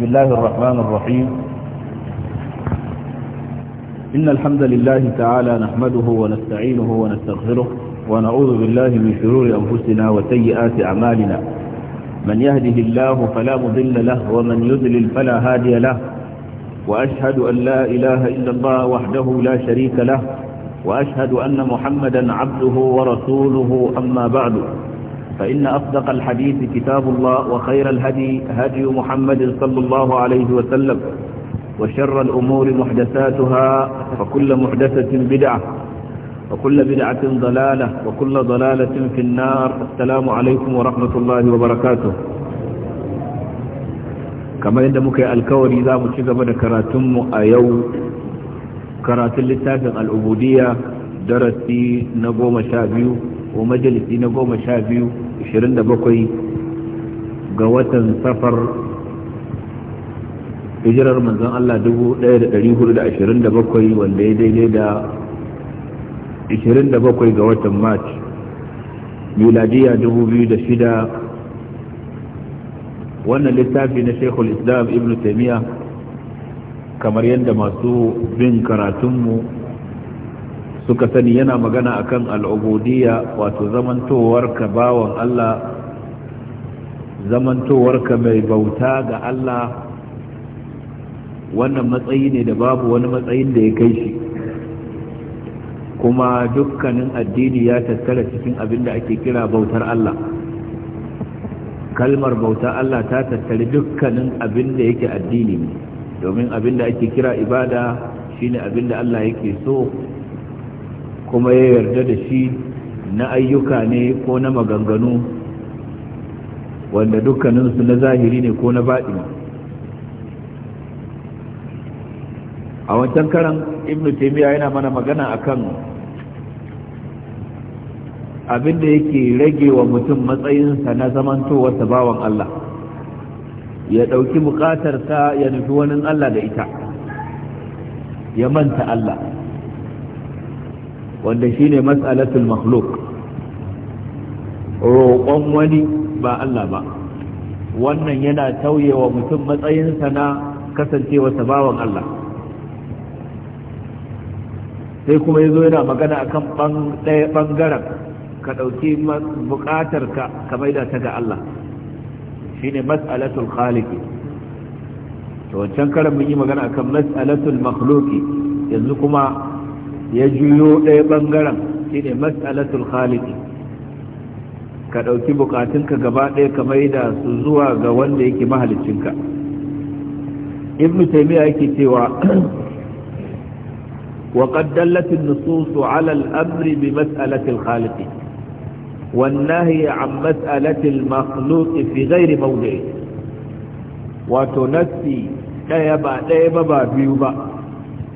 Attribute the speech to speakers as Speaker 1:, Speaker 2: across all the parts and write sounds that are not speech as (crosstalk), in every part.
Speaker 1: بسم الله الرحمن الرحيم إن الحمد لله تعالى نحمده ونستعينه ونستغفره ونعوذ بالله من شرور أنفسنا وسيئات أعمالنا من يهده الله فلا مضل له ومن يذلل فلا هادي له وأشهد أن لا إله إلا الله وحده لا شريك له وأشهد أن محمدا عبده ورسوله أما بعد فإن أصدق الحديث كتاب الله وخير الهدي هدي محمد صلى الله عليه وسلم وشر الأمور محدثاتها فكل محدثة بدعة وكل بدعة ضلالة وكل ضلالة في النار السلام عليكم ورحمة الله وبركاته كما يندمك الكوري ذا مشغب كراتم أيو كراتل لتافق العبودية درسي نقوم شابيو ومجلسي نقوم شابيو 27 ga watan safar hijirar manzon Allah 1427 wanda ya daidai da 27 ga watan march miladiya 2006 wannan littafi na shekul islam ibn taimiyya kamar yadda masu bin karatunmu suka sani yana magana akan al'ubudiyya wato zamantowar ka bawan Allah zamantowar ka mai bauta ga Allah wannan matsayi ne da babu wani matsayin da ya kai shi kuma dukkanin addini ya tattara cikin abin da ake kira bautar Allah kalmar bauta Allah ta tattari dukkanin abin da yake addini ne domin abin da ake kira ibada shine abin da Allah yake so kuma ya yarda da shi na ayyuka ne ko na maganganu wanda dukkaninsu na zahiri ne ko na baɗi a wancan karan ibn taimiyya yana mana magana akan abin da yake rage wa mutum matsayinsa na zamantowarsa bawan Allah ya ɗauki buƙatarsa ya nufi wani Allah da ita ya manta Allah wanda ne mas'alatul makhluk roƙon wani ba Allah ba wannan yana tauyewa mutum matsayinsa na kasancewa bawan Allah sai kuma yazo yana magana akan ɗaya ɓangaren ka ɗauki buƙatar ka maida ta ga Allah shi mas'alatul khaliqi to wancan karan mun yi magana akan mas'alatul makhluki yanzu kuma ya juyo ɗaya ɓangaren shine mas'alatul khaliki ka ɗauki bukatunka gaba ɗaya ka maida su zuwa ga wanda yake mahalicinka ibnu taymiya yake cewa وقد دلت النصوص على الأمر بمسألة الخالق والنهي عن مسألة المخلوق في غير موضعه وتنسي ɗaya ba ɗaya ba ba biyu ba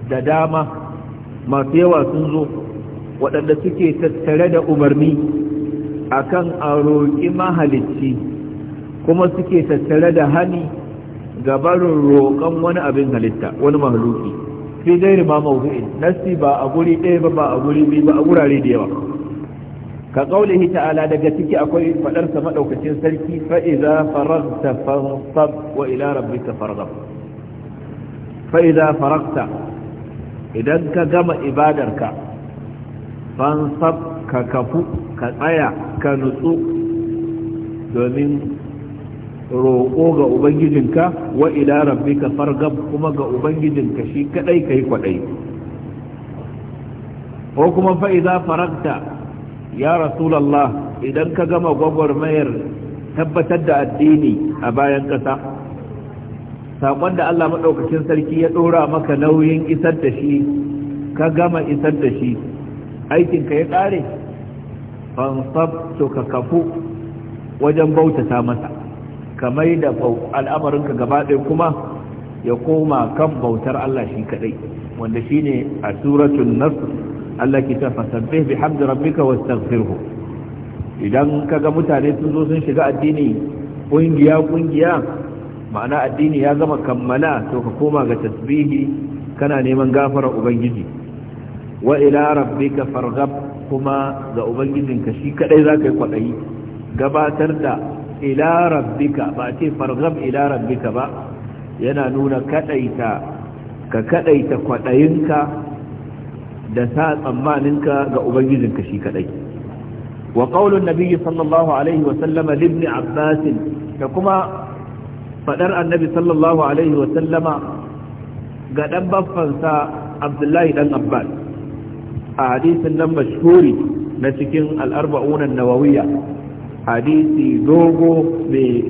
Speaker 1: da dama masu yawa sun zo waɗanda suke tattare da umarni akan a roƙi mahalicci kuma suke tattare da hani gabarin roƙon wani abin halitta wani mahaluki fi zai ma mawdu'in nasti ba a guri ɗaya ba ba a guri biyu ba a wurare da yawa ka hita ala daga ciki akwai faɗarsa maɗaukacin sarki Fa'iza faragta fansab wa ila rabbika faragta idan ka gama ibadarka sab ka kafu ka tsaya ka nutsu domin roƙo ga ubangijinka wa ila rabbika fargab kuma ga ubangijinka shi kadai kai kwadai ko kuma fa faranta faragta ya rasulullah idan ka gama gwagwarmayar tabbatar da addini a bayan ƙasa. saƙon da Allah maɗaukacin sarki ya ɗora maka nauyin isar da shi ka gama isar da shi aikinka ya ƙare fansab to ka kafu wajen bautata masa kamar da al'amarinka gaba ɗaya kuma ya koma kan bautar Allah shi kaɗai wanda shi ne a suratun nasu Allah ki ta fasabbe bi hamdu rabbika idan kaga mutane sun zo sun shiga addini ƙungiya ƙungiya ma'ana addini ya gama kammala to ka koma ga tasbihi kana neman gafara ubangiji wa ila rabbika farghab kuma ga ubangijinka shi kadai zaka yi kwadayi gabatar da ila rabbika ba ce farghab ila rabbika ba yana nuna kadaita ka kadaita kwadayinka da sa tsammaninka ga ubangijinka shi kadai wa qaulun nabiyyi sallallahu alaihi wa sallama libni abbas da kuma Faɗar annabi sallallahu alaihi wa sallama ga dan baffansa abdullahi ɗan abbas a hadisin nan mashhuri na cikin al'arba'unan nawawiya. hadisi dogo mai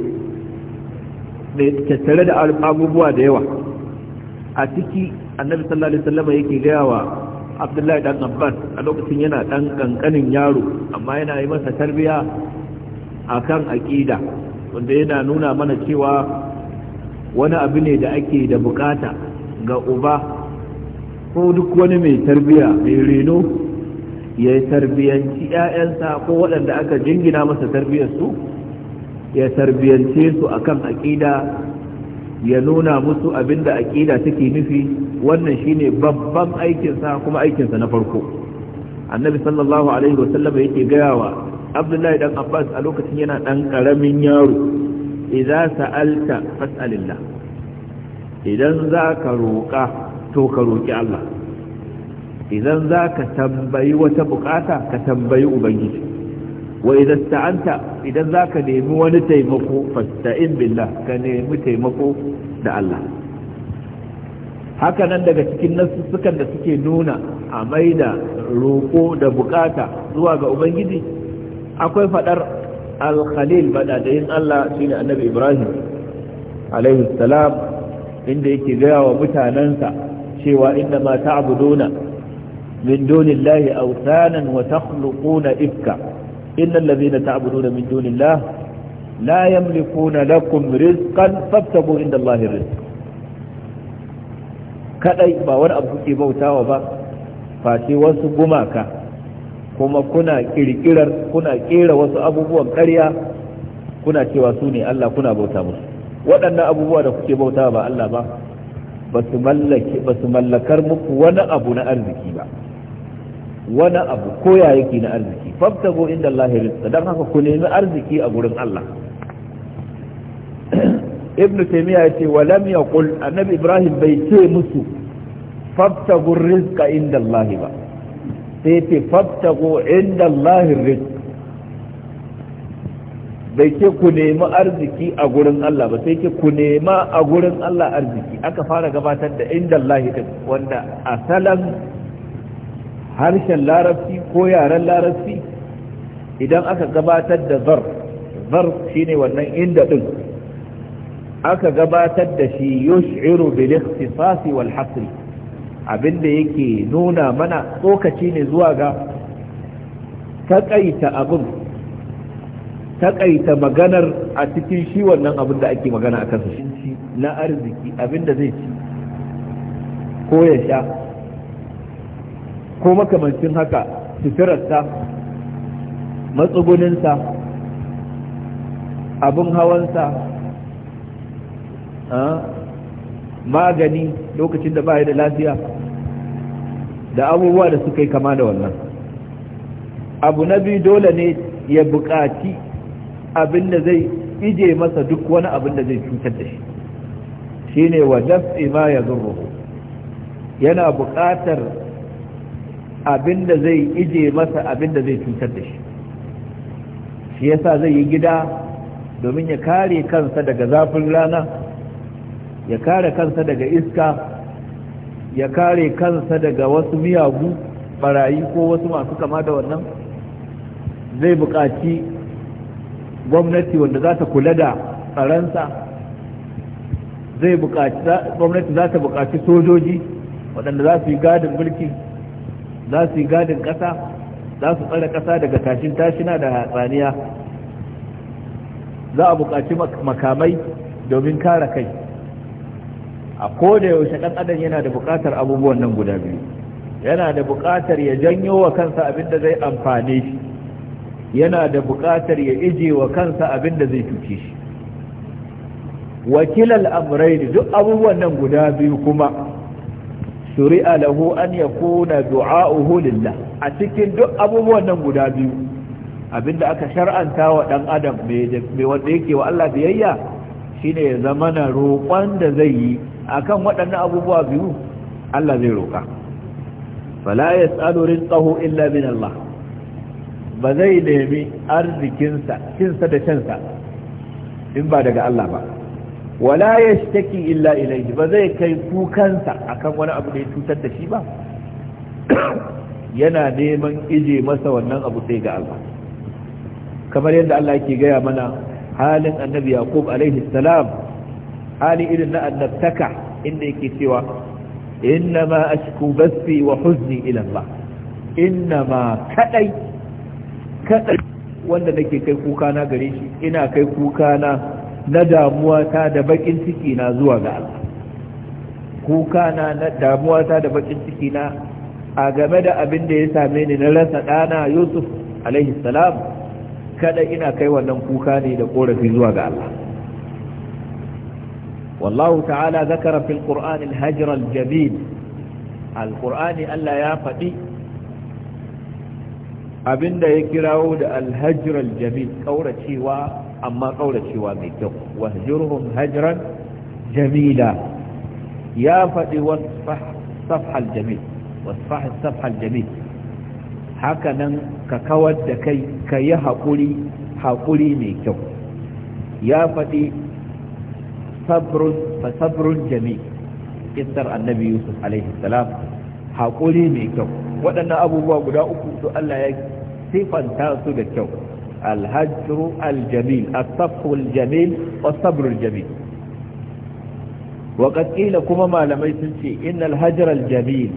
Speaker 1: tattare da abubuwa da yawa a ciki annabi sallallahu alaihi wa sallama yake gaya wa abdullahi ɗan abbas a lokacin yana ɗan ƙanƙanin yaro amma yana yi masa tarbiya kan aƙida. wanda yana nuna mana cewa wani abu ne da ake da bukata ga uba ko duk wani mai tarbiya mai reno ya tarbiyanci 'ya'yansa ko waɗanda aka jingina masa tarbiyarsu ya tarbiyance su akan aƙida ya nuna musu abinda aƙida take nufi wannan shine babban aikinsa kuma aikinsa na farko annabi sallallahu alaihi wasallam yake gaya wa abdullahi dan abbas a lokacin yana dan karamin yaro idza sa'alta fas'alillah idan za ka roƙa to ka roƙi Allah idan za ka tambayi wata bukata ka tambayi ubangiji wa idan sa’anta idan za ka nemi wani taimako fasta'in billah ka nemi taimako da Allah haka nan daga cikin nasussukan da suke nuna a maida roƙo da bukata zuwa ga ubangiji akwai faɗar al-khalil yin Allah shine annabi Ibrahim alaihi salam inda yake gaya wa mutanensa cewa inda ma ta'buduna min dunillahi awsanan wa takhluquna ifka ta abu ta'buduna min dunillah la yamlikuna lakum rizqan fabtagu inda lahi rizq kadai ba wani abu bautawa ba face wasu gumaka kuma kuna kirkirar kuna kera wasu abubuwan ƙarya kuna cewa su ne Allah kuna bauta musu waɗannan abubuwa da kuke bauta ba Allah ba ba su mallakar muku wani abu na arziki ba wani abu koya yake na arziki fabtago inda Allah rizqa don haka ku nemi arziki a gurin Allah (clears throat) ibn taymiya yace wa lam yaqul annabi ibrahim bai ce musu fabtago rizqa inda Allah ba sai ce fattago inda Allahin rizq bai ke ku nemi arziki a gurin Allah ba sai ce ku nema a gurin Allah arziki aka fara gabatar da inda Allahi din wanda asalan harshen larabci ko yaren larabci idan aka gabatar da zar zar shine wannan inda din aka gabatar da shi yush'iru bil ikhtisasi wal hasri abinda yake nuna mana tsokaci ne zuwa ga taƙaita abin takaita maganar a cikin shi wannan abin da ake magana a kansa shi na arziki abinda zai ci ko ya sha ko makamancin haka suturarsa matsuguninsa abin hawansa ah, magani lokacin da ba da lafiya da abubuwa da suka yi kama da wannan abu na biyu dole ne ya buƙaci abin da zai ije masa duk wani abin da zai cutar da shi Shi ne wa daf'i ma yadurruhu yana buƙatar abin da zai ije masa abin da zai cutar da shi shi yasa zai yi gida domin ya kare kansa daga zafin rana ya kare kansa daga iska ya kare kansa daga wasu miyagu barayi ko wasu masu kama da wannan zai buƙaci gwamnati wanda za ta kula da tsaransa zai buƙaci gwamnati za ta buƙaci sojoji waɗanda za su yi gadin mulki za su yi gadin ƙasa za su tsare ƙasa daga tashin tashina da hatsaniya za a buƙaci makamai domin kare kai a koda yaushe dan adam yana da buƙatar abubuwan nan guda biyu yana da buƙatar ya janyo wa kansa abin da zai amfane shi yana da buƙatar ya ije wa kansa abin da zai cuce shi wakilal amrayn duk abubuwan nan guda biyu kuma shuri'a lahu an yakuna du'a'uhu lillah a cikin duk abubuwan nan guda biyu abinda aka shar'anta wa dan adam mai wanda yake wa Allah biyayya shine ya zama na roƙon da zai yi akan waɗannan abubuwa biyu Allah zai roƙa fala yas'alu rizqahu illa min Allah ba zai nemi arzikinsa cinsa da in ba daga Allah ba wala yashtaki illa ilayhi ba zai kai kukansa akan wani abu da ya cutar da shi ba yana neman ije masa wannan abu sai ga Allah kamar yadda Allah yake gaya mana halin annabi yaqub alaihi salam hali irin na annabtaka inda yake cewa ma ashku bathi wa huzni ila Allah ma kadai kadai wanda nake kai kuka na gare shi ina kai kuka na na damuwa ta da bakin ciki na zuwa ga Allah kuka na na damuwa ta da bakin ciki na a game da abin da ya same ni na rasa dana Yusuf alaihi salam kada ina kai wannan kuka ne da korafi zuwa ga Allah والله تعالى ذكر في القرآن الهجر الجميل القرآن ألا يافدي abin da ya kirawo da alhajiral jamil kauracewa amma kauracewa mai kyau wahjurhum hajran jamila ya faɗi wasfahal jamil wasfahal safhal jamil ka kawar da kai ka yi haƙuri haƙuri mai kyau ya faɗi sabrun jami kissar annabi yusuf haƙuri mai kyau waɗannan abubuwa guda uku su Allah ya sifanta su da kyau alhajru aljamil kuma malamai sun ce innal hajra aljamil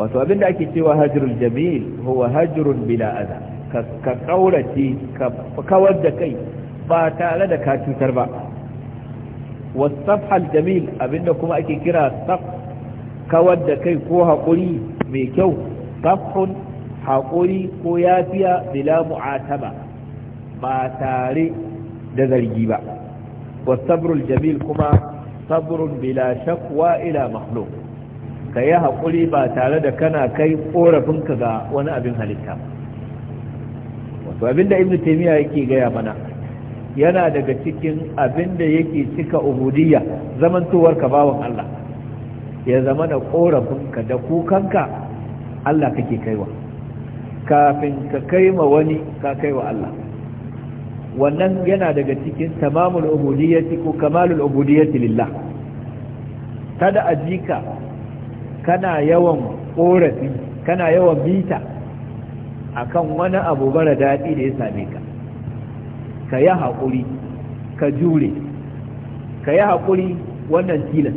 Speaker 1: wato abinda ake cewa hajrul jamil huwa hajrun bila ka kaurace ka kawar da kai ba tare da ka cutar ba wasafhal jamil abinda kuma ake kira saf kawar da kai ko haƙuri mai kyau safhun haƙuri ko yafiya bila mu'ataba ba tare da zargi ba wasabrul jamil kuma sabrun bila shakwa ila makhluq ka yi haƙuri ba tare da kana kai ƙorafinka ga wani abin halitta wato abinda ibn Taimiyya yake gaya mana yana daga cikin abin da yake cika ubudiyya zamantowar ka bawan Allah ya zama da korafinka da kukanka Allah kake kaiwa kafin ka kai kaima wani ka kaiwa Allah wannan yana daga cikin tamamul ubudiyyati ko kamalul ubudiyyati lillah kada ajika kana yawan korafi kana yawan bita akan wani abu bara daɗi da ya same ka ka yi haƙuri ka jure ka yi haƙuri wannan tilas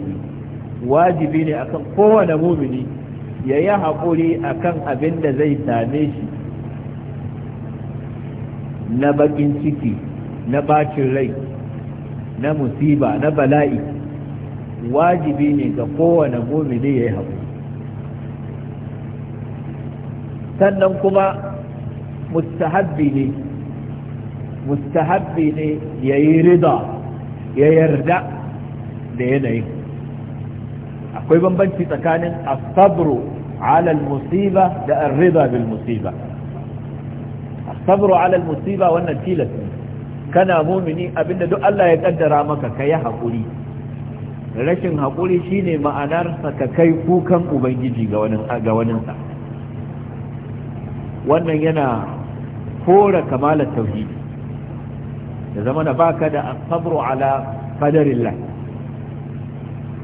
Speaker 1: wajibi ne akan kowane mumini ya yi haƙuri akan abin da zai same shi na bakin ciki na bacin rai na musiba na bala'i wajibi ne ga kowane mumini ya yi haƙuri sannan kuma mustahabbi ne mustahabbi ne ya yi rida ya yarda da yanayi akwai bambanci tsakanin asabru ala musiba da arrida bil musiba asabru musiba wannan tilas kana mumini abinda duk Allah ya kaddara maka ka yi haƙuri rashin haƙuri shine ma'anar ka kai kukan ubangiji ga waninsa wannan yana kora kamalar tauhidi ya zama na baka da sabru ala qadarillah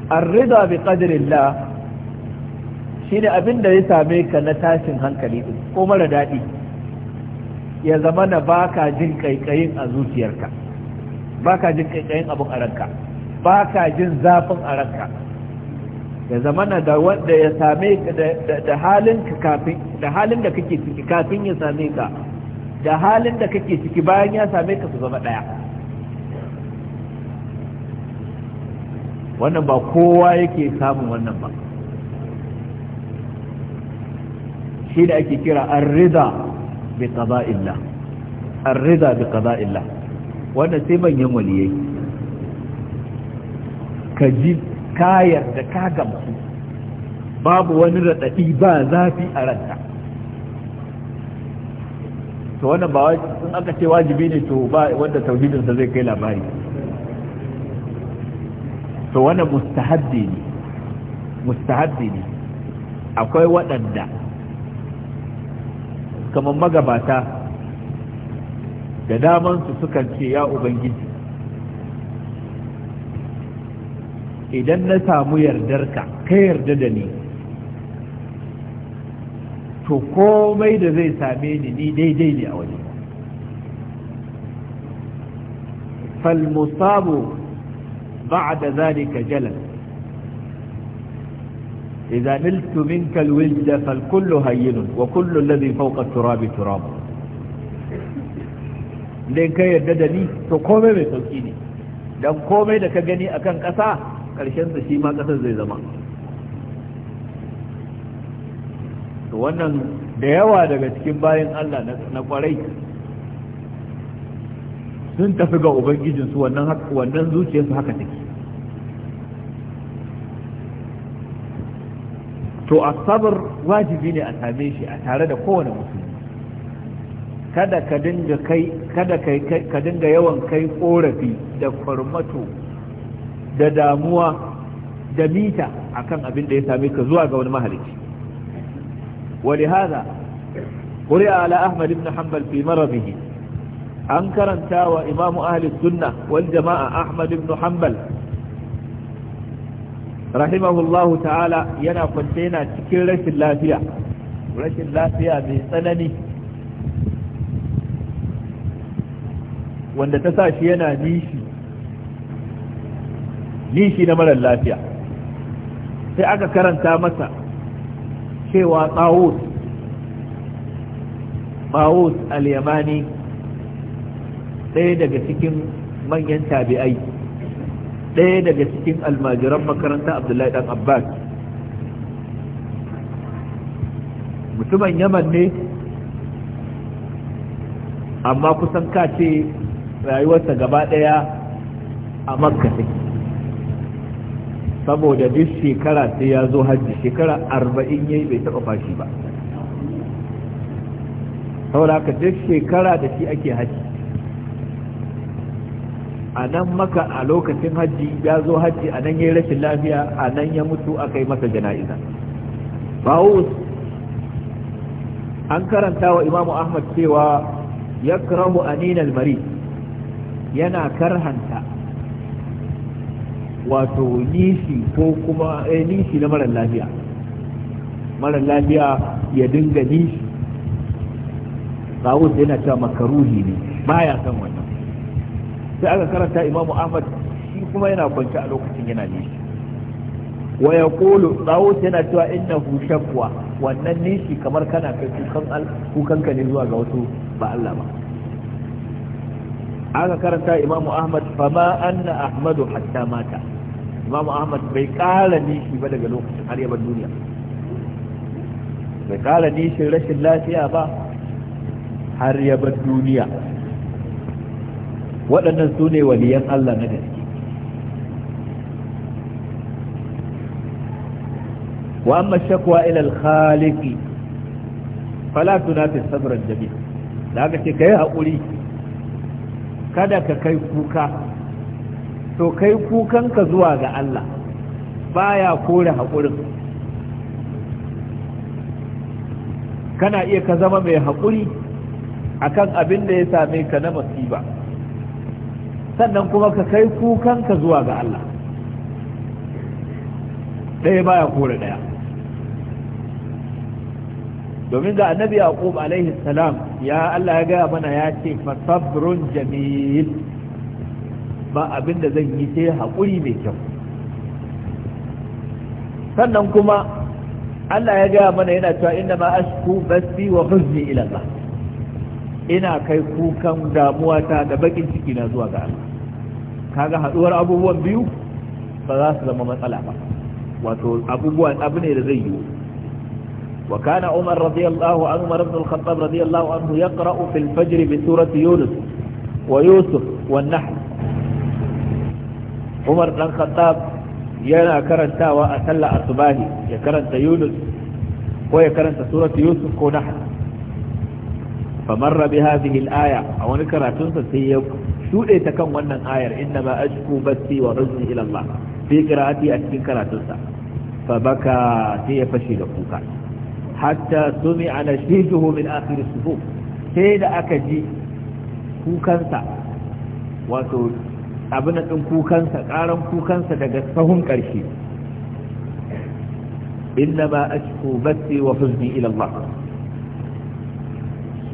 Speaker 1: ar-rida bi qadarillah shine abin da ya same ka na tashin hankali ko mara dadi ya zama na baka jin kaikayin a zuciyarka baka jin kaikayin abun a ranka baka jin zafin a ranka ya zama na da wanda ya same ka da halin ka kafin da halin da kake ciki kafin ya same ka da halin da kake ciki bayan ya same ka su zama ɗaya wannan ba kowa yake samun wannan ba shi da ake kira arriza bi qada'illah arriza bi qada'illah wannan sai manyan waliyai ka ji kayar da ka gamsu babu wani raɗaɗi ba zafi a ranta to wannan ba in aka ce wajibi ne to ba wanda tauhidinsa zai kai labari to wannan mustahabbi ne mustahabbi ne akwai waɗanda kamar magabata da damansu suka ce ya ubangiji idan na samu yardarka ka yarda da ni to komai da zai same ni ni daidai ne a waje falmusabu ba a da zalika jalal idan niltu min kalwil da falkullu hayyunun wa kullu lalzi fauka turabi turabu don ka yarda da ni to komai mai sauki ne don komai da ka gani akan kan ƙasa ƙarshen su shi ma ƙasar zai zama to wannan da yawa daga cikin bayan Allah na kwarai sun tafi ga ubangijinsu wannan wannan zuciyarsu haka take to a asabar wajibi ne a same shi a tare da kowane musulmi kada ka dinga kai kada kai ka dinga yawan kai korafi da farmato da damuwa da mita akan abin da ya same ka zuwa ga wani mahalicci ولهذا قرئ على أحمد بن حنبل في مرضه أنكر انتا وإمام أهل السنة والجماعة أحمد بن حنبل رحمه الله تعالى ينا قلتنا تكير رش اللافية رش اللافية بسنني wanda ta sa shi yana nishi nishi na marar lafiya sai aka karanta masa cewa tsawus tsawus al-yamani ɗaya daga cikin manyan tabi'ai ɗaya daga cikin almajiran makaranta abdullahi ɗan abbas mutumin yaman ne amma kusan kace rayuwarsa gaba ɗaya a makka take saboda duk shekara sai ya zo hajji shekara arba'in yayi bai taɓa fashi ba saboda haka duk shekara da shi ake hajji a nan maka a lokacin hajji ya zo hajji a nan ya rashin lafiya a nan ya mutu aka yi masa jana'iza bawus an karanta wa imamu ahmad cewa ya karahu aninal mari yana karhanta wato nishi ko kuma eh, nishi na marar lafiya marar lafiya ya dinga nishi kawus yana cewa makaruhi ne baya son wannan sai aka karanta imamu ahmad shi kuma yana kwance a lokacin yana nishi wa ya kolo tsawus yana cewa inna shakwa wannan nishi kamar kana kai kukan ka ne zuwa ga wasu ba Allah ba aka karanta imamu ahmad fama anna ahmadu hatta mata imamu ahmad bai kara nishi ba daga lokacin har yaban duniya bai kara nishin rashin lafiya ba har yaban duniya waɗannan su ne waliyan allah na gaske وأما الشكوى إلى الخالق فلا تنافي الصبر الجميل ka yi haƙuri, kada ka kai kuka to kai kukanka zuwa ga Allah baya kore haƙurin kana iya ka zama mai haƙuri akan abin da ya same ka na masiba sannan kuma ka kai kukanka zuwa ga Allah ɗaya baya kore ɗaya domin ga annabi yaqub alaihi salam ya Allah ya gaya mana ya ce sabrun jamil ba abin da zan yi sai haƙuri mai kyau sannan kuma Allah ya gaya mana yana cewa inda ma ashku basti wa huzni ilalla. ina kai kukan damuwa ta da bakin ciki na zuwa ga Allah kaga haɗuwar abubuwan biyu ba za su zama matsala ba wato abubuwan abu ne da zai yi wa kana Umar radiyallahu anhu Umar ibn al-Khattab radiyallahu anhu yaqra'u fil fajr bi surati Yunus wa Yusuf wan Nahl umar dan khattab yana karantawa a sallah asubahi ya karanta yunus ko ya karanta suratu yusuf ko nahl famarra bi hadhihi al-aya a wani karatun sa sai ya shude ta kan wannan ayar inna ma ashku basti wa ruzni ila Allah fi qira'ati a cikin karatun sa fa baka sai ya fashe da kuka hatta sumi'a nashiduhu min akhir as-sufuf sai da aka ji kukansa wato abin ɗin kukansa ƙaran kukansa daga sahun ƙarshe inna ma ashku batti wa huzni ila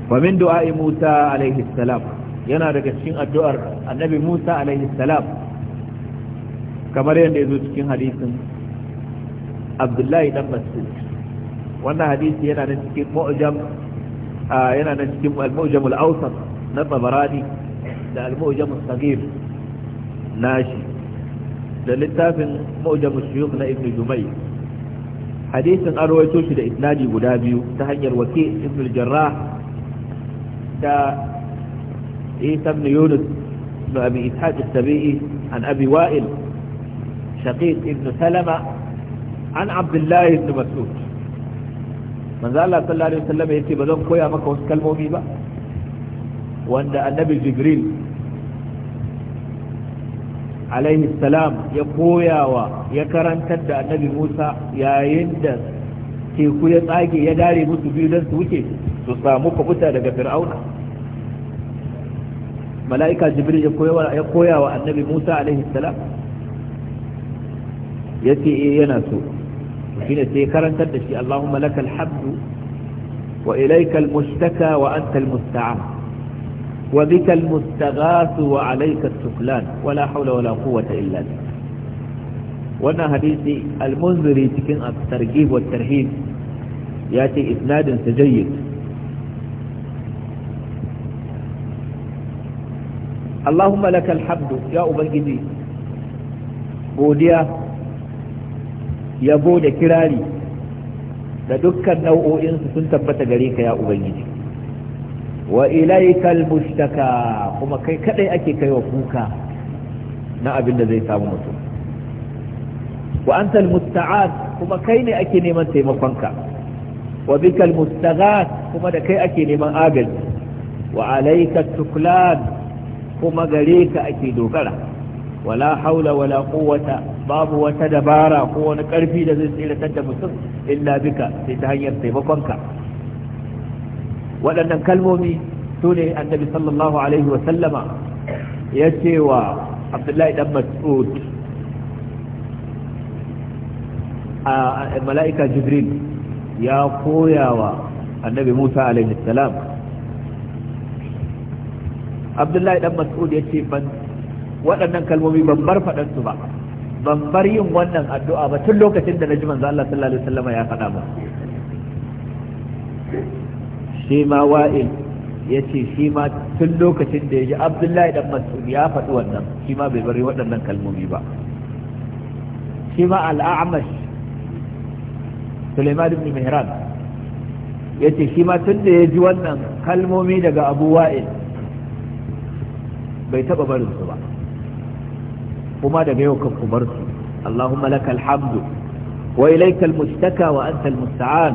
Speaker 1: wa min du'a'i Musa alaihi salam yana daga cikin addu'ar annabi Musa alaihi salam kamar yadda ya zo cikin hadisin Abdullahi dan Mas'ud wannan hadisi yana nan cikin mu'jam yana nan cikin al-mu'jam al-awsat na Tabarani da al-mu'jam al-saghir nashi da littafin mu'jamu shuyukh na ibn jumai hadisin an rawaito shi da isnadi guda biyu ta hanyar wake ibn jarra da isa ibn yunus ibn abi ishaq as-sabi'i an abi wa'il shaqiq ibn salama an abdullah ibn mas'ud manzo Allah sallallahu alaihi wasallam yace bazan koya maka wasu kalmomi ba wanda annabi jibril alaihi salam ya koyawa ya karantar da annabi musa yayin da teku ya tsage ya dare musu biyu don su wuce su samu kubuta daga fir'auna mala'ika jibril ya koyawa annabi musa alaihi salam ya ce eh, yana so shi ne sai karantar da shi allahumma lakal hamdu wa ilaikal mustaka wa antal musta'an وبك المستغاث وعليك السفلان ولا حول ولا قوة إلا بك وانا حديثي المنذري تكن الترغيب والترهيب يأتي إسناد سجيد اللهم لك الحمد يا أبنجدي godiya yabo da kirari da dukkan nau'o'insu sun tabbata gare ka ya ubangiji wa ilaikal mushtaka kuma kai kadai ake kai wa kuka na abin da zai samu mutum wa antal musta'ad kuma kai ne ake neman taimakonka wa bikal mustaghat kuma da kai ake neman agaji wa alaika tuklan kuma gare ka ake dogara wala haula wala quwwata babu wata dabara ko wani karfi da zai tsiratar da mutum illa bika sai ta hanyar taimakonka waɗannan kalmomi su ne annabi sallallahu alaihi wa sallama ya ce wa abdullahi dan mas'ud a mala'ika jibril ya koya wa annabi musa alaihi salam abdullahi dan mas'ud ya ce ban waɗannan kalmomi ban bar faɗansu ba ban bar yin wannan addu'a ba tun lokacin da na ji manzo Allah sallallahu alaihi wasallam ya faɗa ba shi ma wa'in ya ce shi ma tun lokacin da ya ji abdullahi dan mas'ud ya faɗi wannan shi ma bai bari waɗannan kalmomi ba shi ma al'amash suleiman ibn mihran ya ce shi ma tun da ya ji wannan kalmomi daga abu wa'in bai taɓa barinsu ba kuma daga yau kan kubar su اللهم لك الحمد وإليك المشتكى وأنت المستعان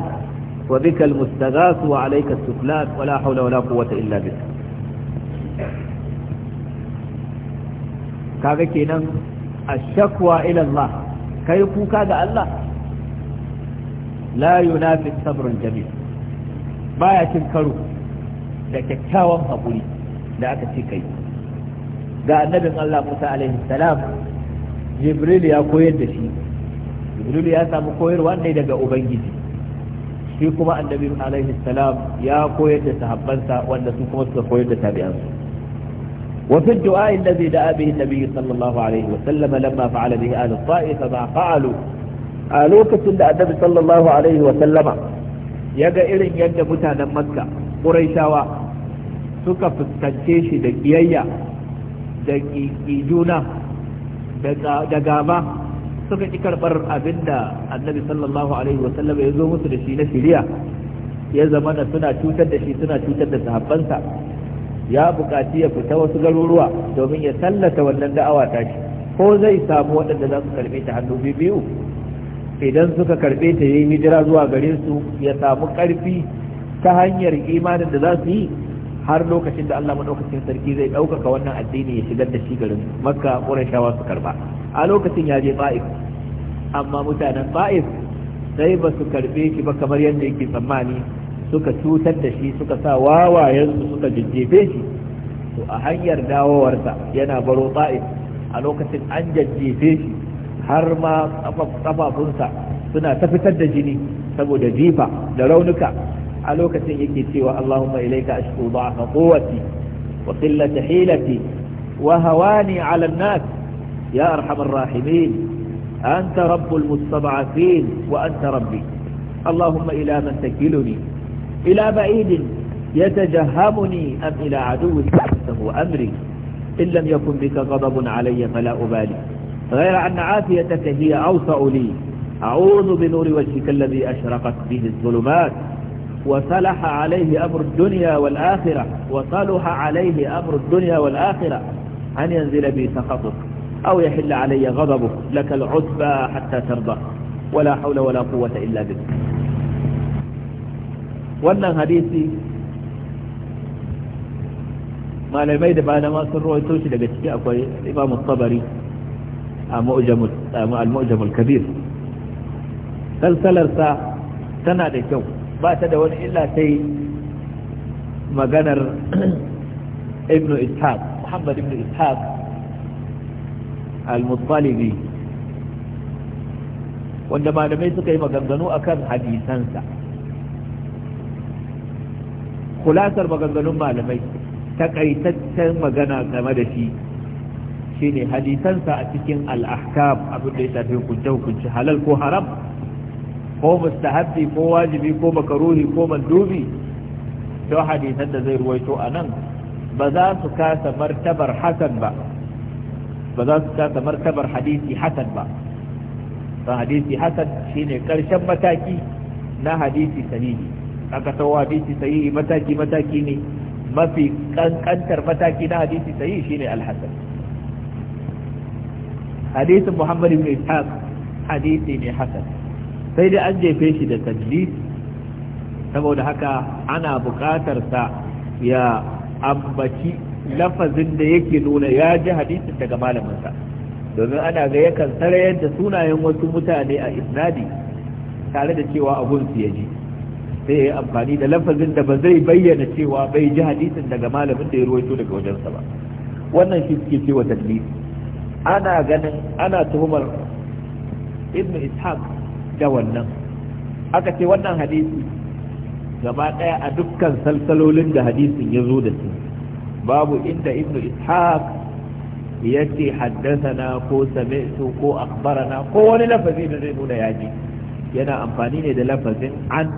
Speaker 1: wa bikal mustaghasu wa alayka wala hawla wala quwwata illa bik kaga kenan ashakwa ila Allah kai kuka ga Allah la yunafi sabrun jamil baya cin karo da kyakkyawan haƙuri da aka ce kai ga annabin Allah Musa alaihi salam Jibril ya koyar da shi Jibril ya samu koyarwa ne daga Ubangiji shi kuma annabi alaihi salam ya koyar da sahabbansa wanda su kuma suka koyar da tabi'ansu wa fi du'a alladhi da'a bihi annabi sallallahu alaihi wa sallam lamma fa'ala bihi ahli ta'if ma fa'alu a lokacin da annabi sallallahu alaihi wa sallama ya ga irin yadda mutanen makka quraishawa suka fuskance shi da kiyayya da kijuna da gama. suka ki karɓar abinda annabi sallallahu alaihi wa sallam ya zo musu da shi na shirya ya zama da suna cutar da shi suna cutar da sahabbansa ya buƙaci ya fita wasu garuruwa domin ya tallata wannan da'awa ta shi ko zai samu waɗanda za su karɓe ta hannu biyu idan suka karɓe ta yi hijira zuwa gare su ya samu ƙarfi ta hanyar imanin da za su yi har lokacin da Allah madaukakin sarki zai ɗaukaka wannan addini ya shigar da shi garin makka ƙurashawa su karba a lokacin ya je ba'if amma mutanen ba'if sai ba su karbe shi ba kamar yadda yake tsammani suka cutar da shi suka sa wawayensu suka jajjefe shi to a hanyar dawowarsa yana baro ba'if a lokacin an jajjefe shi har ma kafafunsa suna ta fitar da jini saboda jifa da raunuka a lokacin yake cewa Allahumma ilayka ashku da'fa quwwati wa qillata hilati wa hawani 'ala an-nas ya arhamar rahimin أنت رب المستضعفين وأنت ربي اللهم إلى من تكلني إلى بعيد يتجهمني أم إلى عدو هو أمري إن لم يكن بك غضب علي فلا أبالي غير أن عافيتك هي أوسع لي أعوذ بنور وجهك الذي أشرقت به الظلمات وصلح عليه أمر الدنيا والآخرة وصلح عليه أمر الدنيا والآخرة أن ينزل بي سخطك أو يحل علي غضبك لك العتبى حتى ترضى ولا حول ولا قوة إلا بك wannan hadisi malamai da malama sun rawaito shi daga ciki akwai imam tabari a al-mu'jamul kabir salsalarsa tana da kyau ba ta da wani illa sai maganar (clears throat) ibn ishaq muhammad ibn ishaq al-muttalibi wanda malamai suka yi maganganu akan hadisansa kulasar maganganun malamai takaitaccen magana game da shi shine hadisansa a cikin al-ahkam abin da ya shafi hukunce hukunce halal ko haram ko mustahabbi ko wajibi ko makaruhi ko mandubi to hadisan da zai ruwaito a nan ba za su kasa martabar hasan ba ba za su kasa martabar hadisi hasan ba don hadisi hasan shine karshen mataki na hadisi sahihi aka tawo hadisi sahihi mataki mataki ne mafi kankantar mataki na hadisi sahihi shine alhasan hadisin muhammad ibn ishaq hadisi ne hasan sai dai an jefe shi da tajlis saboda haka ana buƙatar sa ya ambaci lafazin da yake nuna ya ji hadisin daga malaminsa domin ana ga yakan sarayar da sunayen wasu mutane a isnadi tare da cewa abun su ya ji sai ya yi amfani da lafazin da ba zai bayyana cewa bai ji hadisin daga malamin da ya ruwaito daga wajensa ba wannan shi suke cewa tajlis ana ganin ana tuhumar ibnu ishaq da wannan aka ce wannan hadisi gaba ɗaya a dukkan salsalolin da hadisin ya zo da su babu inda ibnu ishaq ya ce na ko sami'tu ko na ko wani lafazi da zai nuna yaji yana amfani ne da lafazin an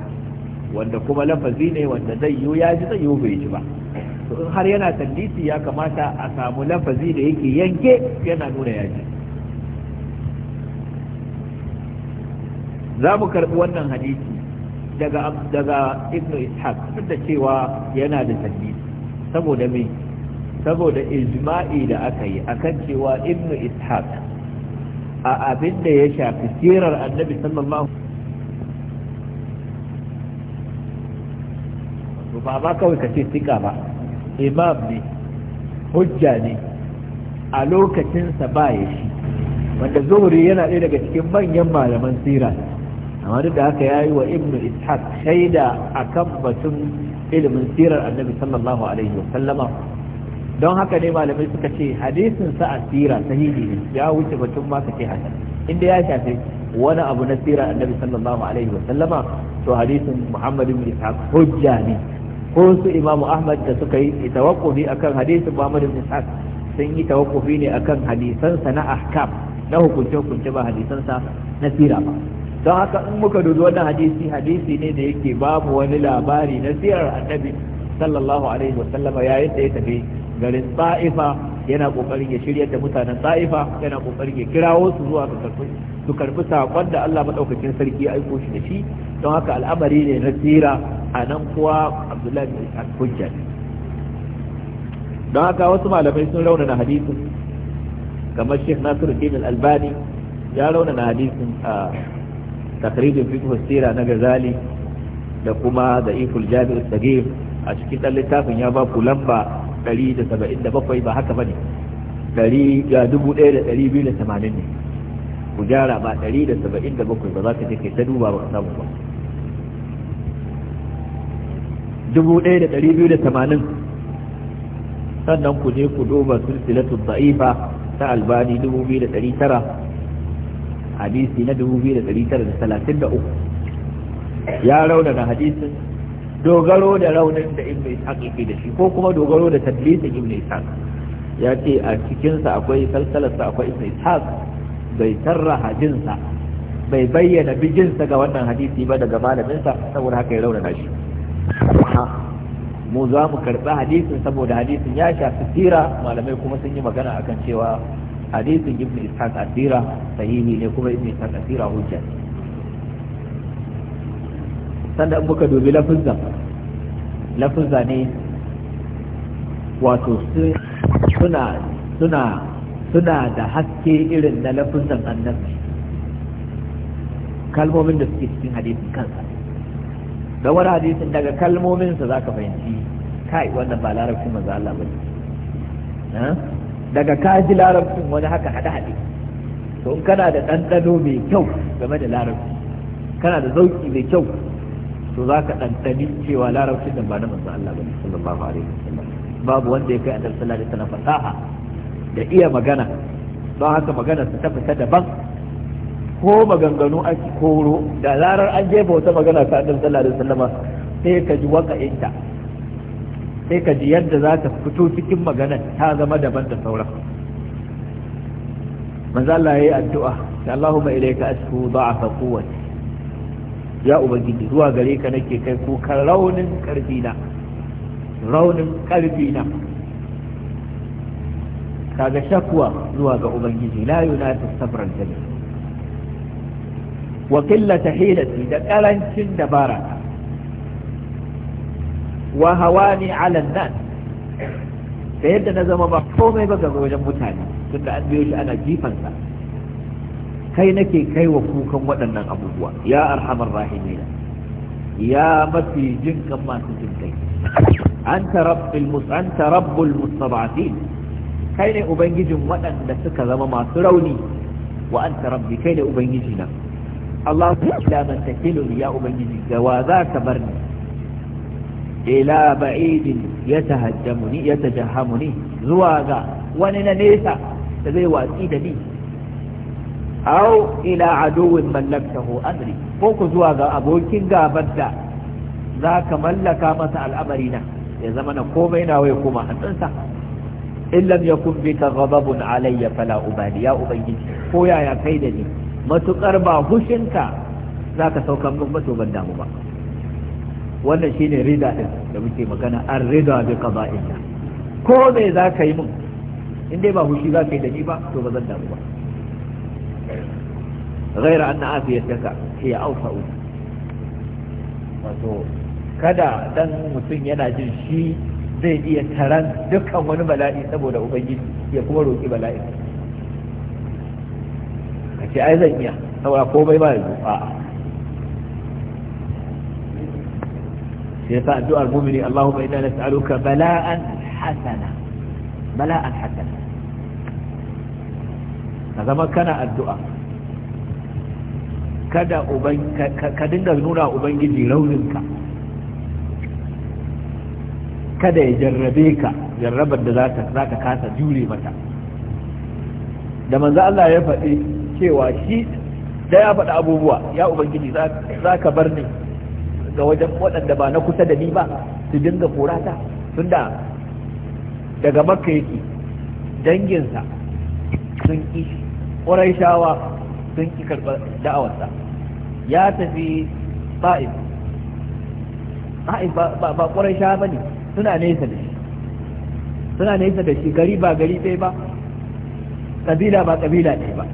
Speaker 1: wanda kuma lafazi ne wanda zai yi yaji zai yi bai ji ba to in har yana tallisi ya kamata a samu lafazi da yake yanke yana nuna yaji za mu karɓi wannan hadisi daga daga ibnu ishaq duk da cewa yana da sahihi saboda me saboda ijma'i da aka yi akan cewa ibnu ishaq a abin da ya shafi sirar annabi sallallahu alaihi ba ba kawai ka ba imam ne hujja ne a lokacinsa ba ya shi wanda zuhri yana ɗaya daga cikin manyan malaman sirar amma da haka yayi wa ibnu ishaq shaida a kan batun ilimin sirar annabi sallallahu alaihi wa sallama don haka ne malamai suka ce hadisin sa a sira sahihi ne ya wuce batun ma kace hasan inda ya shafe wani abu na sira annabi sallallahu alaihi wa sallama to hadisin muhammad ibn ishaq hujja ne ko su imamu ahmad da suka yi tawakkufi akan hadisin muhammad ibn ishaq sun yi tawakkufi ne akan hadisansa na ahkam na hukunce hukunce ba hadisan sa na sira ba don haka in muka dubi wannan hadisi hadisi ne da yake babu wani labari na sirar annabi sallallahu alaihi wa sallama yayin da ya tafi garin ta'ifa yana kokarin ya shirya da mutanen ta'ifa yana kokarin ya kirawo su zuwa su karbi su karbi sakon da Allah madaukakin sarki ya aiko shi da shi don haka al'amari ne na sira a nan kuwa Abdullahi al don haka wasu malamai sun raunana hadisin kamar Sheikh Nasiruddin Al-Albani ya raunana hadisin ah, takrijin fiqh sira na gazali da kuma da iful jami'u sagir a cikin dan littafin ya ba ku lamba 177 ba haka bane 1280 ne ku gyara ba 177 ba za ka je kai ta duba ba samu ba 1280 sannan ku je ku duba silsilatu da'ifa ta albani 2900 hadisi na 2933 ya raunana hadisin dogaro da raunin da ibn ishaq yake da shi ko kuma dogaro da tadlisin ibn ishaq ya ce a cikinsa akwai salsalarsa akwai ibn ishaq bai tarra hadinsa bai bayyana bijinsa ga wannan hadisi ba daga malaminsa saboda haka ya raunana shi mu za mu karɓi hadisin saboda hadisin ya shafi sira malamai kuma sun yi magana akan cewa hadisin ibn ishaq asira sahihi ne kuma ibn ishaq asira hujja sanda muka dubi lafizan lafizza ne wato suna suna suna da haske irin na lafizan annabi kalmomin da suke cikin hadisin kansa da wani hadisin daga kalmominsa za ka fahimci kai wannan ba larabci maza Allah ba ne daga kaji larabcin wani haka haɗe-haɗe to in kana da ɗanɗano mai kyau game da larabci kana da zauki mai kyau to za ka ɗanɗani cewa larabcin da ba na manzo Allah bane sallallahu alaihi wasallam babu wanda ya kai a sallallahu alaihi wasallam fasaha da iya magana don haka magana su ta fita daban ko maganganu ake koro da larar an jefa wata magana ta annabi sallallahu alaihi wasallam sai ka ji waka'inta sai ka ji yadda za ta fito cikin magana ta zama daban da sauran manzo Allah yayi addu'a sai Allahumma ilayka asfu da'afa quwwati ya ubangiji zuwa gare ka nake kai kukan raunin karfi na raunin karfi na kaga shakwa zuwa ga ubangiji la yunatu sabran jami wa ta hilati da ƙarancin dabara ta. wa hawani ala nas da yadda na zama ba komai ba ga wajen mutane tunda an biyo shi ana jifansa kai nake kai wa kukan waɗannan abubuwa ya arhamar rahimina ya mafi jin kan masu jin kai anta rabbul anta rabbul mustada'in kai ne ubangijin waɗanda suka zama masu rauni wa anta rabbi kai ne ubangiji na Allah ya man takilun ya ubangiji ga wa za ka bar ni ila ba'idin yatahajjamuni yatajahamuni zuwa ga wani na nesa da zai watsi da ni aw ila aduwin mallaktahu amri ko ku zuwa ga abokin gaban da za ka mallaka masa al'amari na ya zama na komai na wai kuma hannunsa in lam yakun bika ghadabun alayya fala ubali ya ubangiji ko yaya kai da ni matukar ba hushinka zaka saukar min ba ban damu ba wannan shine rida din da muke magana an rida bi qada'illa ko me za ka yi min in dai ba hushi za ka yi da ni ba to ba zan damu ba ghaira anna afiyataka hiya awfa'u wato kada dan mutum yana jin shi zai iya taran dukkan wani bala'i saboda ubangiji ya kuma roki bala'i Ake ai zan iya saboda komai ba yanzu a'a sai sa addu'ar mu'mini Allahumma inna nas'aluka bala'an hasana bala'an hasana ka zama kana addu'a kada uban ka dinga nuna ubangiji rauninka kada ya jarrabe ka jarrabar da za ka kasa jure mata da manzo Allah ya faɗi cewa shi da ya faɗi abubuwa ya ubangiji za ka bar ni ga wajen waɗanda ba na kusa da ni ba su dinga korata tunda daga makka yake danginsa sun ƙi shawa sun ƙi karɓar da'awarsa ya tafi ba'in ba ba shawa ba ne suna nesa da shi suna nesa da shi gari ba gari ɗaya ba ƙabila ba ƙabila ɗaya ba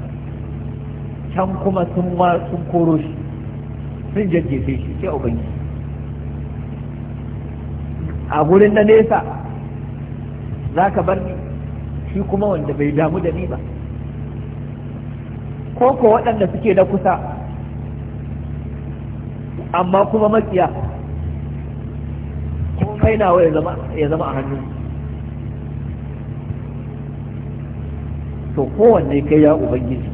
Speaker 1: can kuma sun koro shi sun jajjefe shi sai ubangiji a gurin na nesa za ka bar ni shi kuma wanda bai damu da ni ba ko ko waɗanda suke na kusa amma kuma ko kai nawa ya zama a hannu to kowanne kai ya ubangiji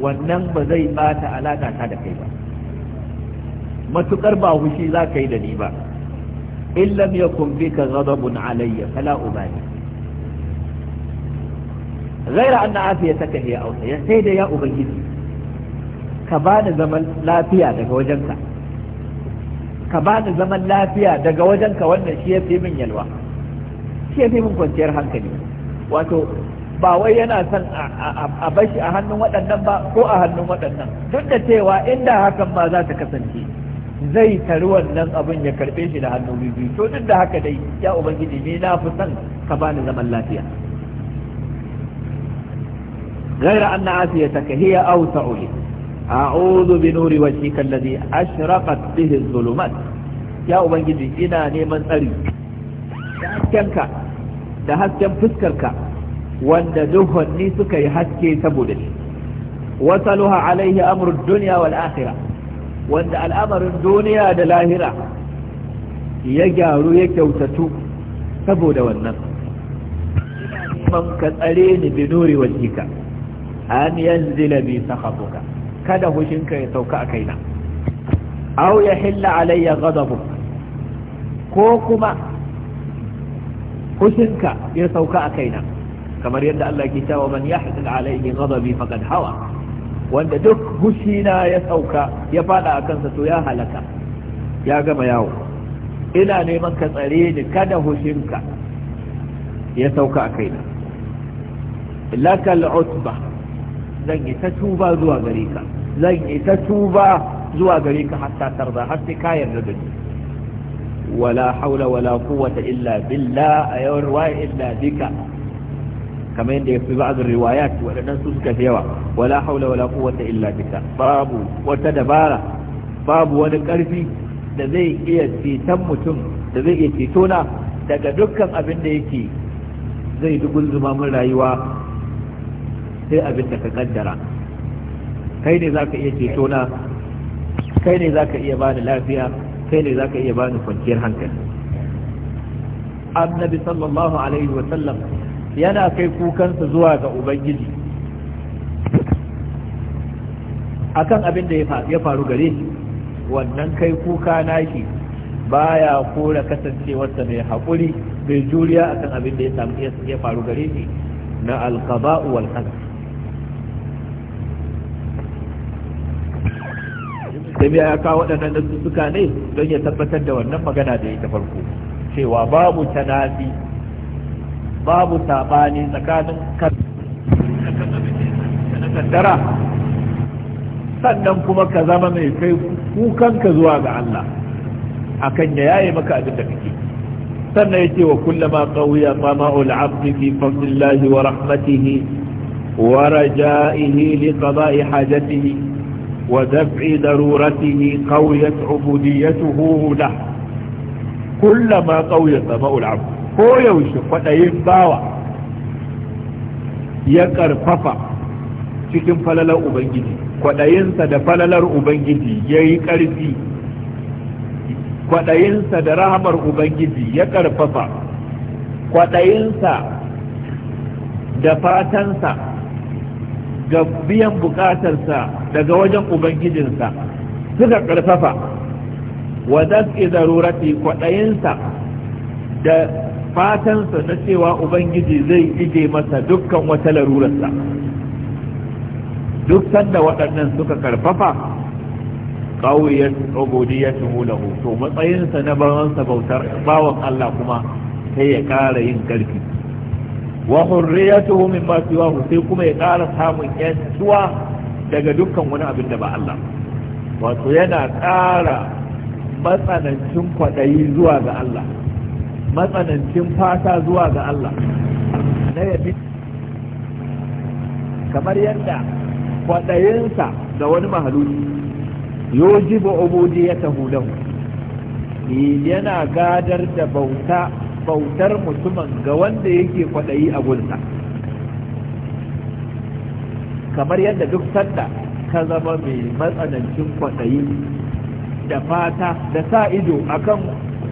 Speaker 1: wannan ba zai bata alaƙa ta da kai ba matukar ba hushi za ka yi da ni ba in lam yakun bika ghadabun alayya fala ubali ghaira anna afiyataka hiya awsa ya sai da ya ubangiji ka bani zaman lafiya daga wajenka ka bani zaman lafiya daga wajenka wannan shi yafi min yalwa shi yafi min kwanciyar hankali wato ba wai yana son a bashi a hannun waɗannan ba ko a hannun waɗannan duk da cewa inda hakan ma za ta kasance zai tari wannan abin ya karbe shi da hannu biyu to da haka dai ya ubangiji ne na fi son ka bani zaman lafiya غير أن عافيتك هي أوسع لي أعوذ بنور وجهك الذي أشرقت به الظلمات يا أبنجي إنا نيمان أري كنك da hasken fuskarka wanda duhunni suka yi haske saboda shi wasaluha alaihi amrud duniya wal akhirah wanda al'amarin duniya da lahira ya gyaru ya kyautatu saboda wannan man ka tsare ni bi nuri wajhika an yanzila bi sakhatuka kada hushinka ya sauka a kaina aw hilla alayya ghadabuk ko kuma hushinka ya sauka a kaina kamar yadda Allah ke cewa man yahdil alayhi ghadabi faqad hawa wanda duk hushina ya sauka ya fada a kansa to ya halaka ya gama yawo ina neman ka tsare ni kada hushinka ya sauka a kaina lakal utba zan yi ta tuba zuwa gare ka zan yi ta tuba zuwa gare ka hatta tarda har sai ka yarda da ni wala haula wala quwwata illa billah a yawar wa illa bika kamar yadda ya fi ba'adun riwayat waɗannan su suka fi yawa wala haula wala quwwata illa billah babu wata dabara babu wani ƙarfi da zai iya ceton mutum da zai iya cetona daga dukkan abin da yake zai dubul zuma mun rayuwa sai abin da ka kaddara kai ne zaka iya cetona kai ne zaka iya bani lafiya kai ne zaka iya bani kwanciyar hankali annabi sallallahu alaihi wa sallam yana kai kukansa zuwa ga ubangiji akan abin da ya faru gare shi wannan kai kuka nashi baya kora kasancewarsa mai haƙuri mai juriya akan abin da ya samu ya faru gare shi na alkaba'u wal qadar sai ya kawo waɗannan nasu suka ne don ya tabbatar da wannan magana da ya ta farko cewa babu tanafi babu saɓani tsakanin kaddara sannan kuma ka zama mai kai kukanka zuwa ga Allah akan ya yaye maka abin da kake sannan ya ce wa kullama qawiya qama'ul 'abdi fi fadlillahi wa rahmatihi wa raja'ihi li qada'i hajatihi wa daf'i daruratihi qawiyat 'ubudiyatuhu lahu kullama qawiya qama'ul 'abdi koyaushe kwaɗayin bawa ya ƙarfafa cikin falalar ubangiji kwaɗayinsa da falalar ubangiji ya yi ƙarfi kwaɗayinsa da rahamar ubangiji ya ƙarfafa kwaɗayinsa da fatansa ga biyan buƙatarsa daga wajen ubangijinsa suka ƙarfafa wa zarurati kwaɗayinsa da fatansa na cewa ubangiji zai ije masa dukkan wata larurarsa duk sanda waɗannan suka karfafa ƙauyar ubudiyatu lahu to matsayinsa na bawansa bautar bawan Allah kuma sai ya ƙara yin ƙarfi wa hurriyatuhu min ma siwahu sai kuma ya ƙara samun yantuwa daga dukkan wani abin da ba Allah wato yana ƙara matsanancin kwaɗayi zuwa ga Allah matsanancin fata zuwa ga Allah na yabi kamar yadda kwaɗayinsa ga wani mahaluki ya ubudiyatahu da yana gadar da bauta bautar mutumin ga wanda yake kwaɗayi a gunsa kamar yadda duk sanda ka zama mai matsanancin kwaɗayi da fata da sa ido akan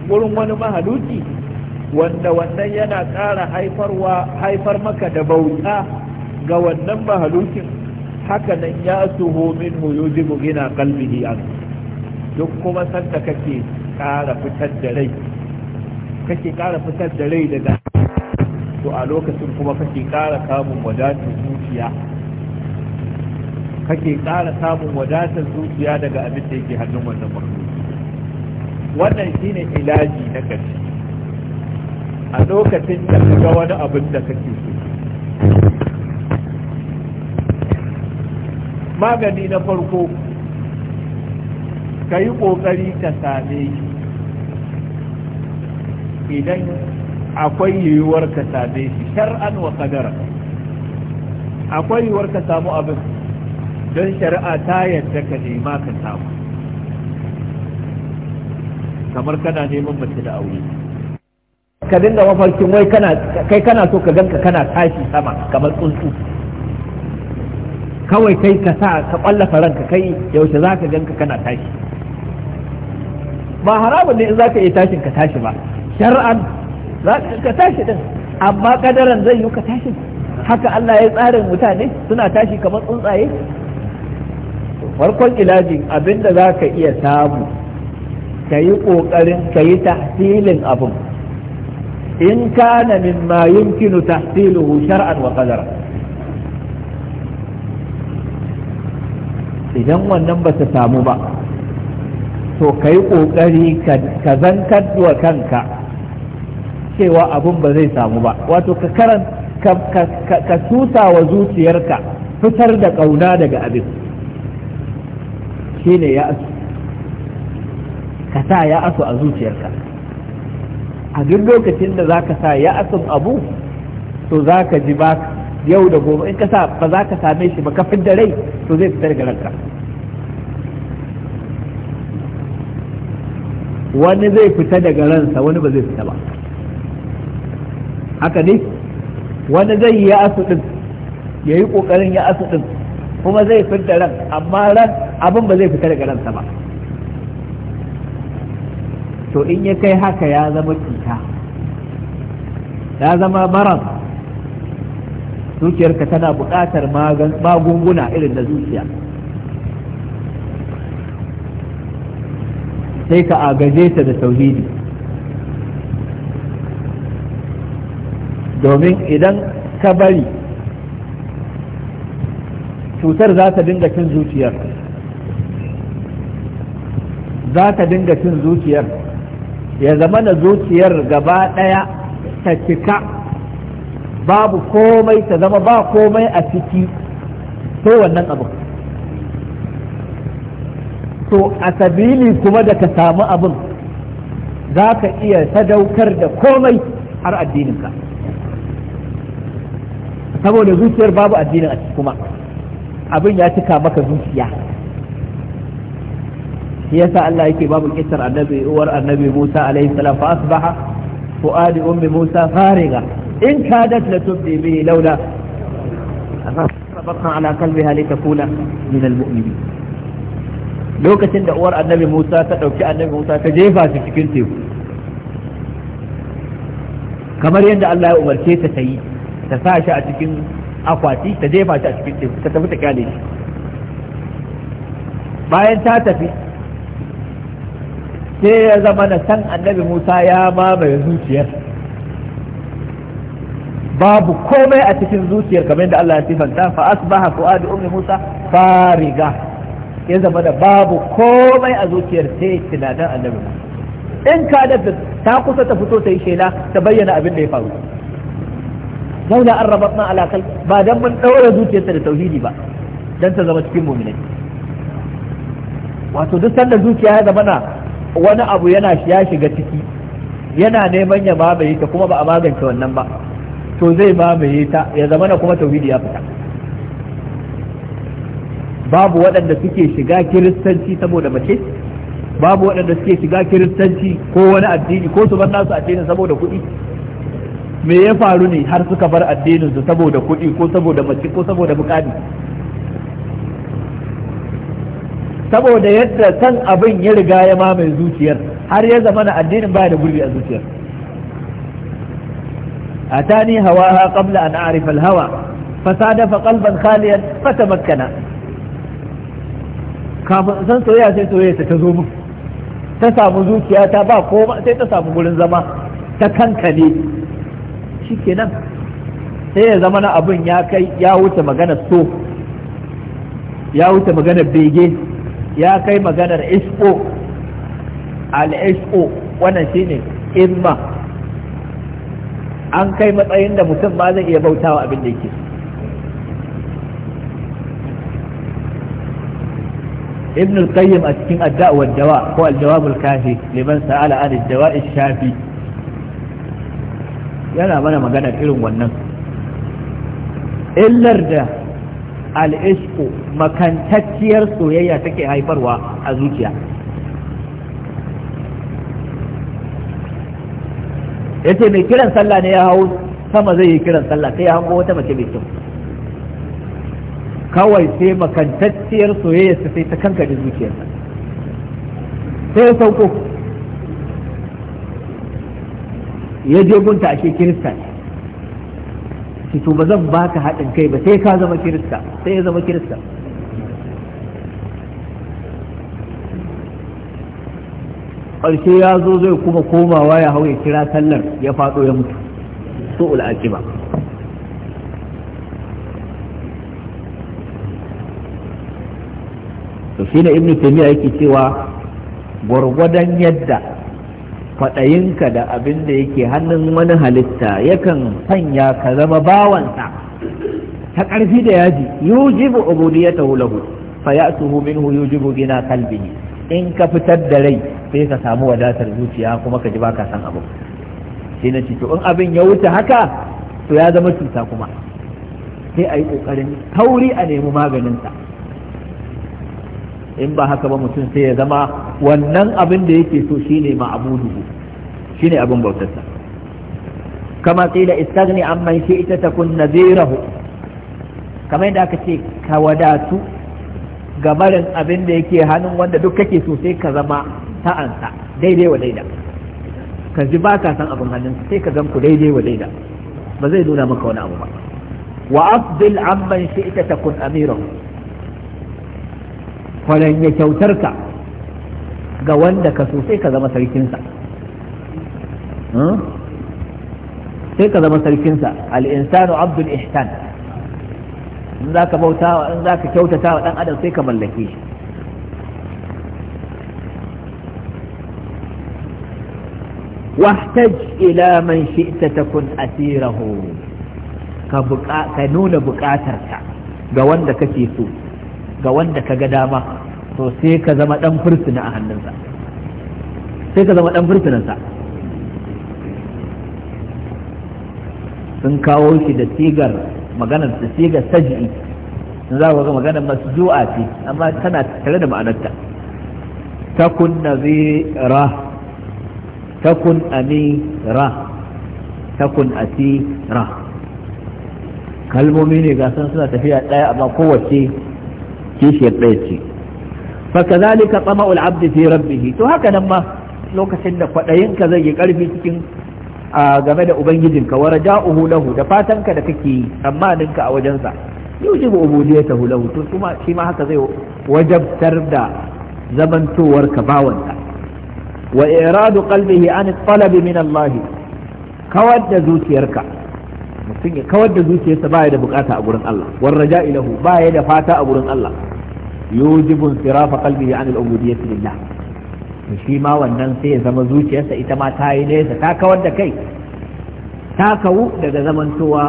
Speaker 1: wurin wani mahaluki wanda wannan yana ƙara haifar maka da bauta ga wannan mahalukin haka nan ya suho min yujibu gina qalbihi an duk kuma sanda kake ƙara fitar da rai kake ƙara fitar da rai daga to a lokacin kuma kake ƙara samun wadatar zuciya kake ƙara samun wadatar zuciya daga abin da yake hannun wannan mahalukin wannan shine ilaji na ƙarshe a lokacin da ka ga wani abin da kake so magani na farko ka yi ƙoƙari ka same shi idan akwai yiwuwar ka same shi shar'an wa kadara akwai yiwuwar ka samu abin don shari'a ta yadda ka nema ka samu kamar kana neman mace da aure ka dinga mafarkin wai kana kai kana so ka ganka kana tashi sama kamar tsuntsu kawai kai ka sa ka kwallafa ranka kai yaushe za ka ganka kana tashi ba haramun ne in za ka iya tashin ka tashi ba shar'an za ka tashi din amma kadaran zai yi ka tashi haka Allah ya tsarin mutane suna tashi kamar tsuntsaye farkon ilajin abinda za ka iya samu ka yi ƙoƙarin ka yi tahsilin abin in kana mimma yumkinu tahsiluhu shar'an wa idan wannan ba ta samu ba to kai ƙoƙari ka zankar wa kanka cewa abun ba zai samu ba wato ka karan ka tusa wa zuciyarka fitar da ƙauna daga abin shine ya asu ka sa ya asu a zuciyarka a duk lokacin da zaka sa ya asin abu to zaka ji ba yau da gobe in ka sa ba za ka same shi ba kafin da rai to zai fitar da ranka wani zai fita daga ransa wani ba zai fita ba haka ne wani zai yi ya asu din ya yi kokarin ya asu din kuma zai fita ran amma ran abin ba zai fita daga ransa ba to in ya kai haka ya zama cuta ya zama marar zuciyarka tana buƙatar magunguna irin na zuciya sai ka agaje ta da tauhidi domin idan ka bari cutar za ta dinga cin zuciyar za ta dinga cin zuciyar ya zama na zuciyar gaba ɗaya ta cika babu komai ta zama ba komai a ciki to wannan abu to a sabili kuma da ka samu abin za ka iya sadaukar da komai har addininka saboda zuciyar babu addinin a ciki kuma abin ya cika maka zuciya yasa Allah yake babu kisar annabi uwar annabi Musa alaihi salam fa asbaha fuadi ummi Musa fariga in kadat la tubdi bihi laula rabatna ala qalbiha litakuna min almu'minin lokacin da uwar annabi Musa ta dauki annabi Musa ta jefa shi cikin teku kamar yadda Allah ya umarce ta ta yi ta sa shi a cikin akwati ta jefa shi a cikin teku ta tafi ta kyale shi bayan ta tafi sai ya zama na san annabi musa ya mamaye zuciyar babu komai a cikin zuciyar kamar da Allah ya sifanta fa asbaha fuadu ummi musa fariga ya zama da babu komai a zuciyar sai tunanin annabi musa in ka da ta kusa ta fito ta yi shela ta bayyana abin da ya faru laula an rabatna ala alakal ba don mun ɗaura zuciyarta da tauhidi ba don ta zama cikin mu'minai wato duk sanda zuciya ya zama na wani abu yana ya shiga ciki yana neman ya mamaye ta kuma ba a magance wannan ba to zai mamaye ta ya zama na kuma tauhidi ya fita babu waɗanda suke shiga kiristanci saboda mace babu waɗanda suke shiga kiristanci ko wani addini ko su bar nasu addinin saboda kuɗi me ya faru ne har suka bar addinin su saboda kuɗi ko saboda mace ko saboda bukati saboda yadda san abin ya riga ya mamaye zuciyar har ya zama na addinin baya da gurbi a zuciyar atani hawaha qabla an a'rif al-hawa fasadafa qalban khaliyan fatamakkana kafin san soyayya sai soyayya ta zo mu ta samu zuciya ta ba koma sai ta samu gurin zama ta kankane shikenan sai ya zama na abin ya kai ya wuce magana so ya wuce magana bege ya kai maganar isko al-isko wannan shine imma an kai matsayin da mutum ma zai iya bautawa abin da yake ibn al-qayyim a cikin adda wa dawa ko al-jawab al liman sa'ala an ad-dawa shafi yana mana maganar irin wannan illar da al'ishku makantacciyar soyayya take haifarwa a zuciya ya ce mai kiran sallah ne ya hau sama zai yi kiran sallah sai ya hango wata mace mai kyau kawai sai makantacciyar soyayya su sai ta kanka da zuciyarsa sai ya sauko ya je gunta ake ke kiristan. ce to ba zan baka haɗin kai ba sai ka zama kirista sai ya zama kirista ƙarshe ya zo zai kuma komawa ya hau ya kira sallar ya faɗo ya mutu so ul'aƙiba to shi ne ibn taymiya yake cewa gwargwadon yadda kwaɗayinka da abin da yake hannun wani halitta yakan sanya ka zama bawansa ta ƙarfi da yaji yujibu ubudiyata lahu fa ya'tuhu minhu yujibu gina kalbihi in ka fitar da rai sai ka samu wadatar zuciya kuma ka ji baka san abu sai na ce to in abin ya wuce haka to ya zama cuta kuma sai a yi ƙoƙarin tauri a nemi maganinsa in ba haka ba mutum sai ya zama wannan abin da yake so shine shi shine abin bautarsa kama qila shi amman ta takun nazirahu kamar yadda aka ce ka wadatu ga barin abin da yake hannun wanda duk kake so sai ka zama ta'ansa daidai wa daida ka ji ba ka san abin hannun sai ka zan ku daidai wa daida ba zai nuna maka wani abu ba wa afdil amman ta takun amirahu kwanan ya kyautar ka ga wanda ka so sai ka zama sarkinsa hmm? sai ka zama sarkinsa al'insanu abdul ihsan in za ka bautawa in za ka kyautata wa ɗan adam sai ka mallake shi واحتج إلى من شئت تكن أسيره كنون بقاترك قوان دك تيسو قوان دك قدامة to sai ka zama dan fursuna a hannunsa sai ka zama dan fursunansa sun kawo shi da sigar maganar da sigar saji'i sun za ga maganar masu zuwa ce amma tana tare da ma'anarta takun nazira takun amira takun asira kalmomi ne ga suna tafiya ɗaya amma kowace kishiyar ɗaya ce fakazalika tsama'ul abdi fi rabbihi to haka nan ma lokacin da kwaɗayinka zai yi ƙarfi cikin a game da ubangijinka wa raja'uhu lahu da fatan ka da kake yi tsammaninka a wajensa yujibu ubudiyatahu lahu to kuma shi ma haka zai wajabtar da zamantowar ka zamantowarka bawansa wa iradu qalbihi an talabi min Allah kawar da zuciyarka mutum ya kawar da zuciyarsa baya da bukata a gurin Allah war raja'i lahu baya da fata a gurin Allah yujibu insirafa qalbihi an al-ubudiyyati lillah to shi ma wannan sai ya zama zuciyarsa ita ma ta yi nesa ta kawar da kai ta kawu daga zamantowa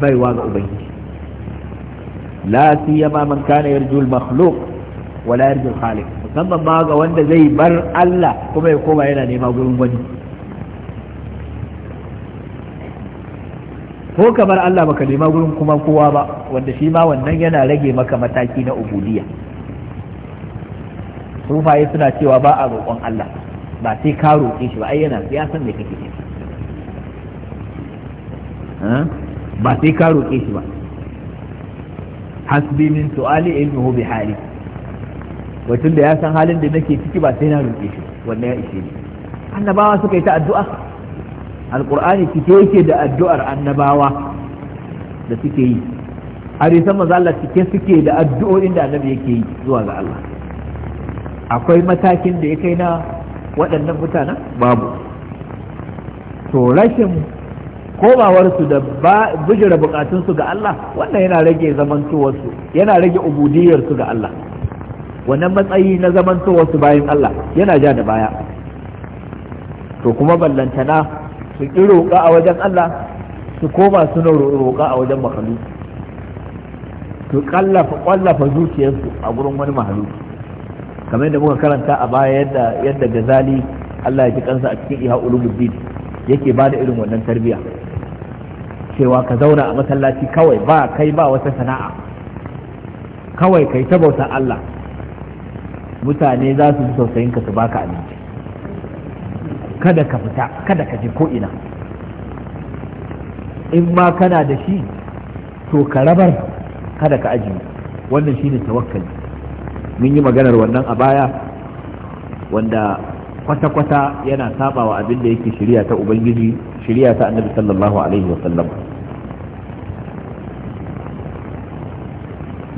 Speaker 1: baiwa ga ubangiji la siyama man kana yarju makhluq wa la yarju musamman ma ga wanda zai bar Allah kuma ya koma yana nema gurin ko ka Allah baka nema gurin kuma kowa ba wanda shi ma wannan yana rage maka mataki na ubudiyya sufaye suna cewa ba a roƙon Allah ba sai ka roƙe shi ba ai yana ya san me kake ciki ba sai ka roƙe shi ba hasbi min su'ali ilmuhu bi hali wacin da ya san halin da nake ciki ba sai na roƙe shi wanda ya ishe ni annabawa suka yi ta addu'a alqur'ani cike yake da addu'ar annabawa da suke yi har yi sama Allah cike suke da addu'o'in da annabi yake yi zuwa ga Allah akwai matakin da ya kai na waɗannan mutanen babu to rashin komawarsu da bujira su ga Allah wannan yana rage zamantowarsu yana rage ubudiyarsu ga Allah wannan matsayi na zamantowarsu bayan Allah yana ja da baya to kuma ballantana su ƙi roƙa a wajen Allah su koma suna roƙa a wajen makalu su ƙallafa zuciyarsu a gurin wani mahaluki kamar yadda muka karanta a baya yadda yadda gazali Allah ya ji kansa a cikin iha ulumuddin yake bada irin wannan tarbiya cewa ka zauna a masallaci kawai ba kai ba wata sana'a kawai kai ta Allah mutane za su ji tausayin ka su baka abinci kada ka fita kada ka je ko ina in ma kana da shi to ka rabar kada ka ajiye wannan shine tawakkali mun yi maganar wannan a baya wanda kwata-kwata yana saba wa abin da yake shirya ta ubangiji shirya ta annabi sallallahu alaihi sallam.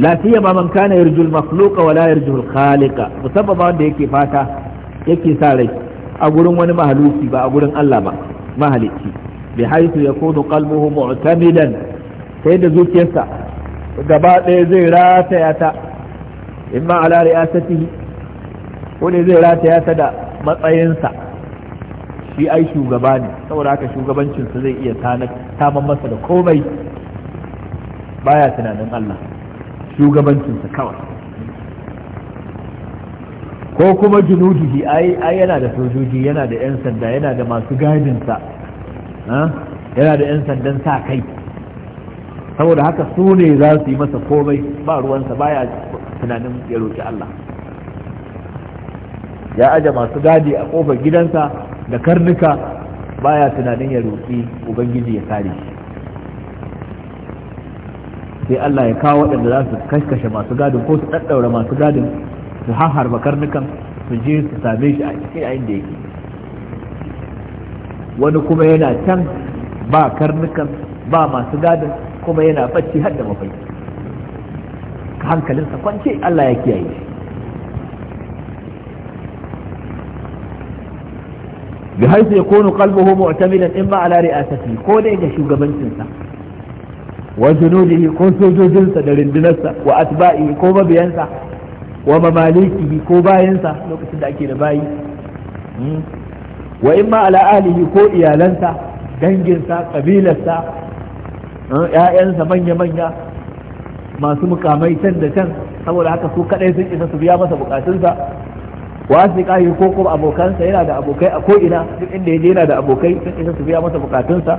Speaker 1: lafiya ma man kana yarjul makhluqa wala yarjul khaliqa musamman wanda yake fata yake sa rai a gurin wani mahaluki ba a gurin Allah ba mahalicci bi haythu yakunu qalbuhu mu'tamidan sai da zuciyarsa gaba ɗaya zai rataya ta in ma ala riyasatihi ne zai rataya ta da matsayinsa shi ai shugaba ne saboda haka shugabancinsa zai iya taman masa da komai baya tunanin Allah shugabancinsa kawai ko kuma junudihi ai yana da sojoji yana da 'yan sanda yana da masu gadinsa yana da 'yan sandan sa kai saboda haka su ne za su yi masa komai ba ruwansa baya tunanin ya roƙi Allah ya aje masu gadi a ƙofar gidansa da karnuka baya tunanin ya roƙi ubangiji ya kare shi sai Allah ya kawo waɗanda za su kashkashe masu gadin ko su ɗaɗɗaura masu gadin su harba karnukan su je su same shi a cikin yayin da yake wani kuma yana can ba karnukan ba masu gadin kuma yana bacci har da mafarki hankalinsa kwance Allah ya kiyaye shi bi haisu ya konu qalbuhu mu'tamilan imma ala ri'asati ko dai ga shugabancinsa wa junudihi ko sojojinsa da rindunarsa wa atba'i ko mabiyansa wa mamalikihi ko bayansa lokacin da ake da bayi hmm? wa imma ala alihi ko iyalansa danginsa kabilarsa ƴaƴansa hmm? manya-manya masu mukamai can da can saboda haka su kadai sun isa su biya masa bukatunsa su kahi ko kuma abokansa yana da abokai a ko ina duk inda yaje yana da abokai sun isa su biya masa bukatunsa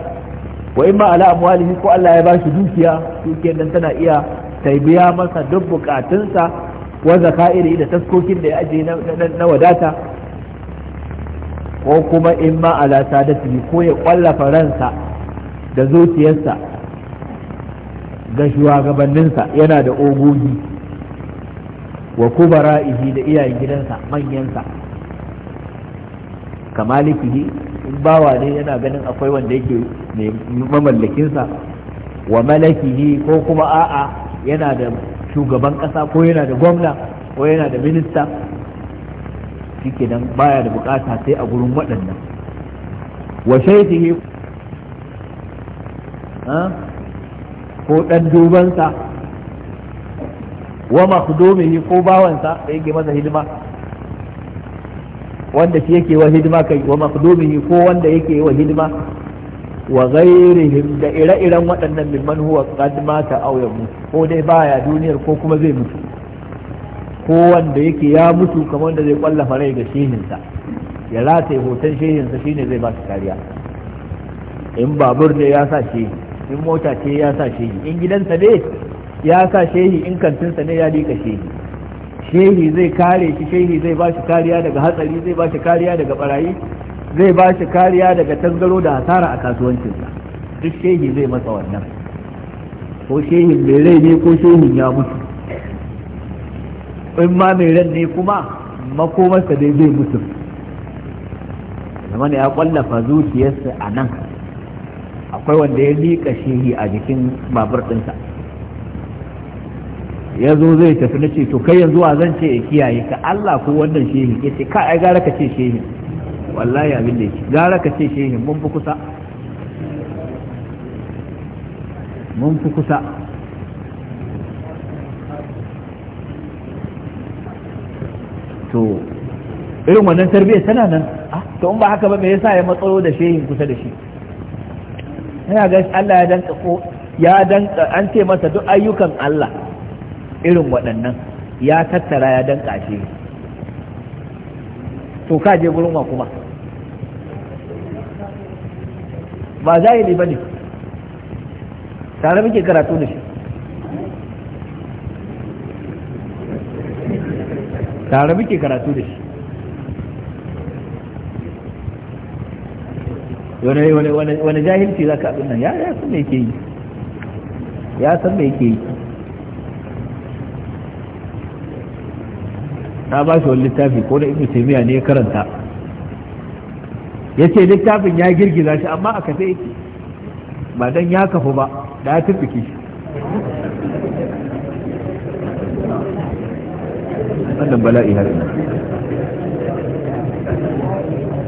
Speaker 1: wa in ma ala amwalihi ko Allah ya ba shi dukiya dukiyar dan tana iya ta biya masa duk bukatunsa wa zaka'iri da taskokin da ya aje na wadata ko kuma in ma ala sadati ko ya kwallafa ransa da zuciyarsa ga shugabanninsa yana da ogogi wa kubara ihi da iyayen gidansa manyansa kamalikihi in bawa ne yana ganin akwai wanda yake mamallakinsa wa malakihi ko kuma a'a yana da shugaban ƙasa ko yana da gwamna ko yana da minista shike nan baya da bukata sai a gurin waɗannan wa shaidihi ko ɗan dubansa wa makhdumihi ko bawansa da yake masa hidima wanda shi yake wa hidima kai wa makhdumihi ko wanda yake wa hidima wa ghairihim da ire-iren waɗannan mimman huwa qad mata aw yamu ko dai baya duniyar ko kuma zai mutu ko wanda yake ya mutu kamar wanda zai kwallafa rai ga shehinsa ya rataye hoton shehinsa shine zai ba su kariya in babur ne ya sa shehi in mota ce ya sa shehi in gidansa ne ya sa shehi in kantinsa ne ya liƙa shehi shehi zai kare shi shehi zai ba shi kariya daga hatsari zai ba shi kariya daga barayi zai ba shi kariya daga tasgaro da hasara a kasuwancinsa duk shehi zai masa wannan ko shehin mai rai ne ko shehin ya mutu in ma mai ran ne kuma makomarsa dai zai mutu Zama ya kwallafa zuciyarsa a nan akwai wanda ya liƙa shehi a jikin babur ɗinsa ya zo zai tafi na ce to kai yanzu a zan ce ya kiyaye ka Allah ko wannan shehin ya ce kai gara ka ce shehin wallahi abin da yake gara ka ce shehin mun fi kusa mun fi kusa to irin wannan tarbiyyar tana nan ah, to in ba haka ba me yasa ya matsalo da shehin kusa da shi yana ga Allah ya danka ko ya danka an ce masa duk ayyukan Allah irin waɗannan ya tattara ya danka shi to ka je gurin wa kuma ba zahiri ba ne tare muke karatu da shi tare muke karatu da shi wani jahilci za ka abin nan ya san me yake yi ya san me yake yi ta ba shi wani littafi ko da ibnu taymiya ne ya karanta yace littafin ya girgiza shi amma a kafe yake ba dan ya kafu ba da ya tufiki shi wannan bala'i har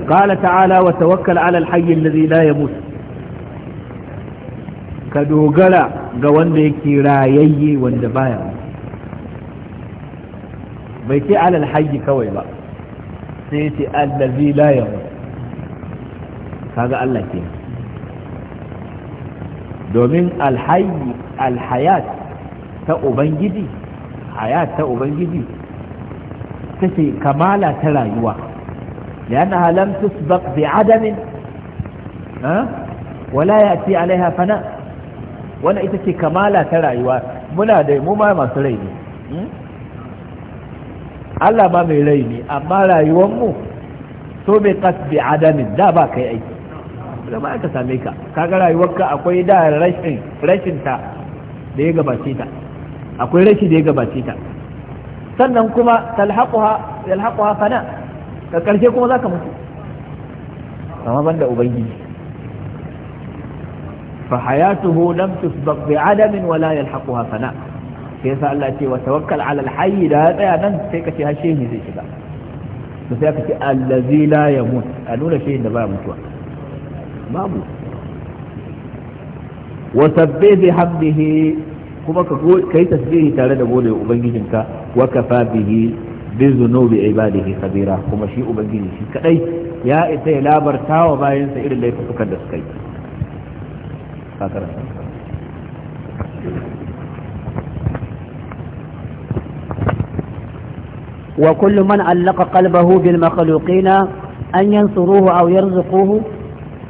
Speaker 1: قال تعالى وتوكل على الحي الذي لا يموت كدوغلا ga wanda yake rayayye wanda baya bai ce alal hayyi kawai ba sai ya ce allazi la yamu kaga Allah ke domin alhayyi alhayat ta ubangiji hayat ta ta rayuwa لأنها لم تسبق بعدم ولا يأتي عليها فناء ولا إتكي كمالة ترعيوة منا دي مو ما سريني Allah ba mai rai ne amma rayuwanmu so bai kas bi adamin da ba kai aiki ka same ka kaga ka akwai da rashin rashin ta da ya gabace ta akwai rashi da ya gabace ta sannan kuma talhaquha talhaquha fana ka karshe kuma za ka mutu amma da ubangiji fa hayatuhu lam tusbaq bi adamin wala yalhaquha fana sai sa Allah ce wa tawakkal ala al da ya tsaya nan sai ka ce har shehi zai shiga to sai ka ce allazi la yamut a nuna shehin da ya mutuwa babu wa sabbi bi hamdihi kuma ka yi tasbihi tare da gode ubangijinka wa kafa bihi bi zunubi ibadihi kabira kuma shi ubangiji shi kadai ya isa ya labarta wa bayansa irin laifukan da suka yi
Speaker 2: وكل من علق قلبه بالمخلوقين أن ينصروه أو يرزقوه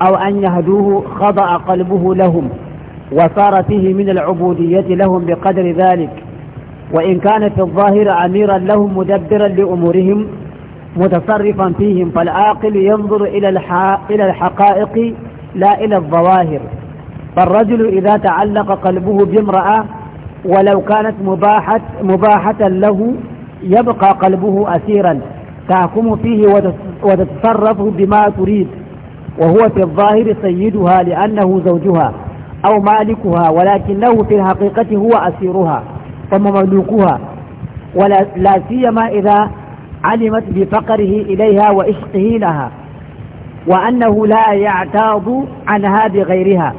Speaker 2: أو أن يهدوه خضع قلبه لهم وصار فيه من العبودية لهم بقدر ذلك وإن كان في الظاهر أميرا لهم مدبرا لأمورهم متصرفا فيهم فالعاقل ينظر إلى, إلى الحقائق لا إلى الظواهر فالرجل إذا تعلق قلبه بامرأة ولو كانت مباحة, مباحة له يبقى قلبه أسيرا تحكم فيه وتتصرف بما تريد وهو في الظاهر سيدها لأنه زوجها أو مالكها ولكنه في الحقيقة هو أسيرها ومملوكها ولا سيما إذا علمت بفقره إليها وإشقه لها وأنه لا يعتاض عنها بغيرها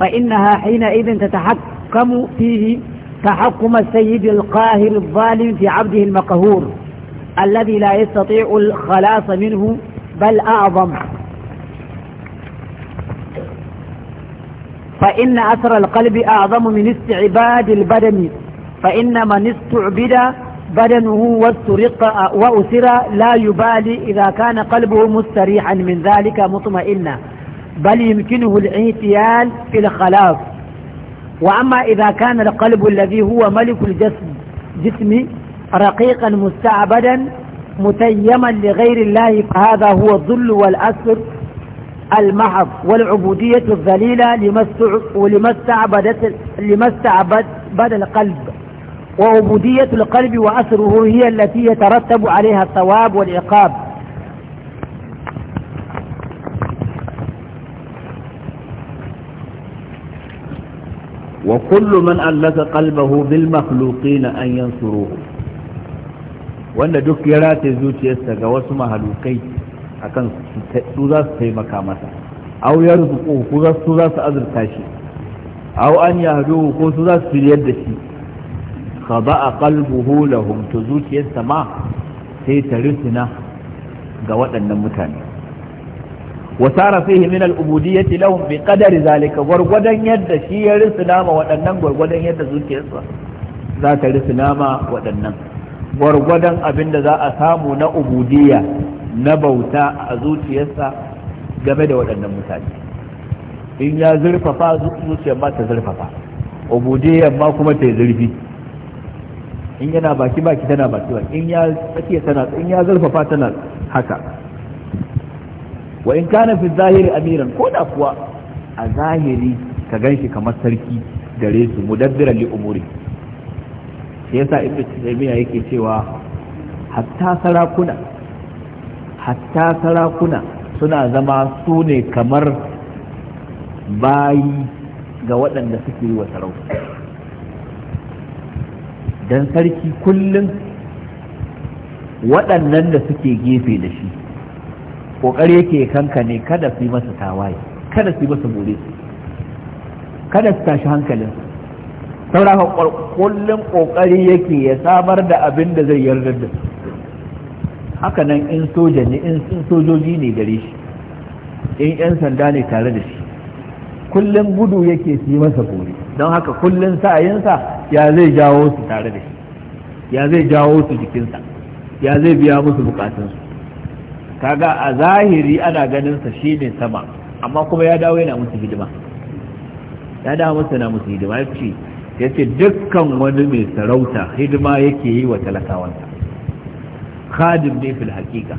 Speaker 2: فإنها حينئذ تتحكم فيه تحكم السيد القاهر الظالم في عبده المقهور الذي لا يستطيع الخلاص منه بل أعظم فإن أثر القلب أعظم من استعباد البدن فإن من استعبد بدنه واسترق وأسر لا يبالي إذا كان قلبه مستريحا من ذلك مطمئنا بل يمكنه الاعتيال في الخلاف وأما إذا كان القلب الذي هو ملك الجسم جسم رقيقا مستعبدا متيما لغير الله فهذا هو الظل والأسر المحض والعبودية الذليلة لما استعبد القلب وعبودية القلب و هي التي يترتب عليها الثواب والعقاب
Speaker 1: وكل من ألف قلبه بالمخلوقين أن ينصروه وان دك يراتي زوجي يستغى وسمها لوكي اكن سوزاس في مكامته او يرزقه سوزاس اذر كاشي او ان يهدوه سوزاس في a qalbuhu lahum to zuciyarsa ma sai ta rusuna ga waɗannan mutane wasara fihi min al-ubudiyyati lahum bi qadari zalika gwargwadon yadda shi ya rusuna ma waɗannan gwargwadon yadda zuciyarsa za ta rusuna ma waɗannan gwargwadon abin da za a samu na ubudiyya na bauta a zuciyarsa game da waɗannan mutane in ya zurfafa zuciyar ma ta zurfafa Ubudiyar ma kuma ta zurfi in yana baki baki tana baki baki in ya tsakiya tana in ya tana haka wa in kana fi zahiri amiran ko da kuwa a zahiri ka ganshi kamar sarki gare su mudabbiran li umuri sai yasa ibnu taymiya yake cewa hatta sarakuna hatta sarakuna suna zama su ne kamar bayi ga waɗanda suke yi wa sarauta dan sarki kullum waɗannan da suke gefe da shi ƙoƙari yake kankane kada su yi masa tawaye kada su yi masa bore kada su tashi hankalin sauraka kullum ƙoƙari yake ya samar da abin da zai yarda da su haka nan in soja ne in sojoji ne gare shi in 'yan sanda ne tare da shi kullum gudu yake su yi masa bore don haka kullum sa'ayinsa ya zai jawo su tare da shi ya zai jawo su jikinsa ya zai biya musu bukatunsu kaga a zahiri ana ganinsa sa shine sama amma kuma ya dawo yana musu hidima ya dawo musu na musu hidima ya ce dukkan wani mai sarauta hidima yake yi wa talakawansa khadim ne fil hakika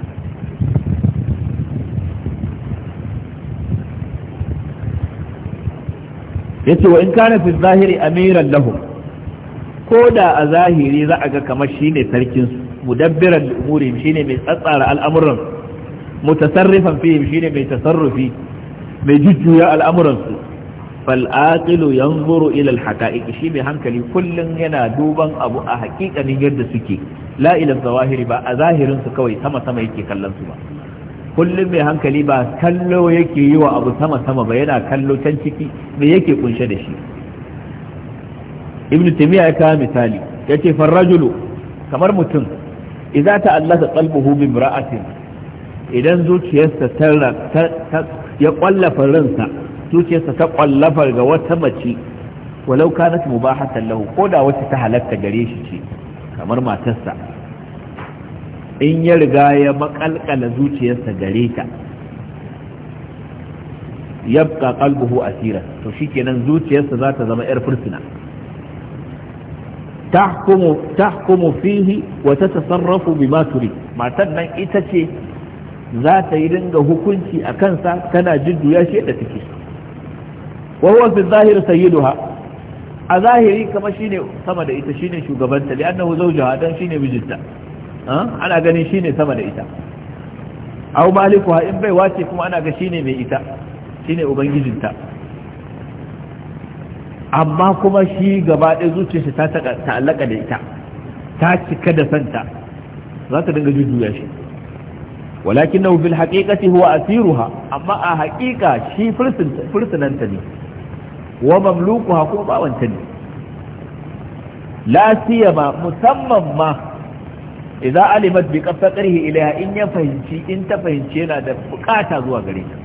Speaker 1: yace wa in kana fi zahiri amiran lahum ko da a zahiri za a ga kamar shine sarkin su mudabbiran umurihim shine mai tsatsara al'amuran mutasarrifan fihim shine mai tasarrufi mai jujjuya al'amuran su fal aqilu yanzuru ila al shi mai hankali kullum yana duban abu a hakikanin yadda suke la zawahiri ba a zahirin su kawai sama sama yake kallon su ba kullum mai hankali ba kallo yake yi wa abu sama sama ba yana kallo can ciki me yake kunshe da shi ibn taymiya ya kawo misali ce farrajulu kamar mutum idza ta'allaka qalbuhu bi imra'atin idan zuciyarsa ta ya kwallafa ransa zuciyarsa ta kwallafa ga wata mace walau kanat mubahatan lahu ko da wacce ta halatta gare shi ce kamar matarsa in ya riga ya makalkala zuciyarsa gare ta yabqa qalbuhu asira to shikenan zuciyarsa za ta zama yar fursuna tahkumu tahkumu fihi wa tatasarrafu bima turi matan nan ita ce za ta yi dinga hukunci a kansa tana jidduya shi da take wa huwa fi zahir sayyiduha a zahiri kama shine sama da ita shine shugabanta li annahu zawjaha dan shine mijinta ana ganin shine sama da ita aw malikuha in bai wace kuma ana ga shine mai ita shine ubangijinta amma kuma shi gaba ɗaya zuciyarsa ta ta'allaka da ita ta cika da santa za ta dinga jujjuya shi walakin na fil haƙiƙati huwa asiruha amma a haƙiƙa shi fursunanta ne wa mamlukuha kuma bawanta ne la siyama musamman ma idza alimat bi qafatarihi ilaiha in ya fahimci in ta fahimci yana da bukata zuwa gare ta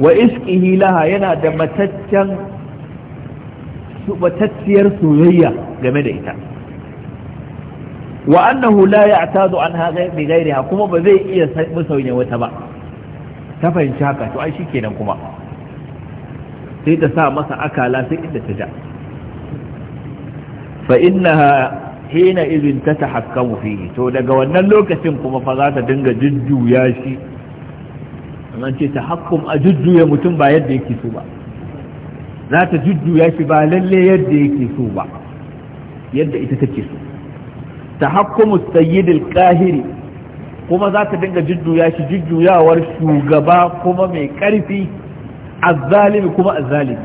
Speaker 1: wa iskihi laha yana da mataccen matacciyar soyayya game da ita wa annahu la ya'tadu anha bi ghayriha kuma ba zai iya musauya wata ba ta fahimci haka to ai shikenan kuma sai ta sa masa akala sai inda ta ja fa innaha hina idin ta tahakkamu fihi to daga wannan lokacin kuma fa za ta dinga jujjuya shi an ce ta hakkum a jujjuya mutum ba yadda yake so ba za ta jujjuya shi ba lalle yadda yake so ba yadda ita take so ta hakkumu sayyidil kahiri kuma za ta dinga jujjuya shi jujjuyawar shugaba kuma mai ƙarfi a zalimi kuma a zalimi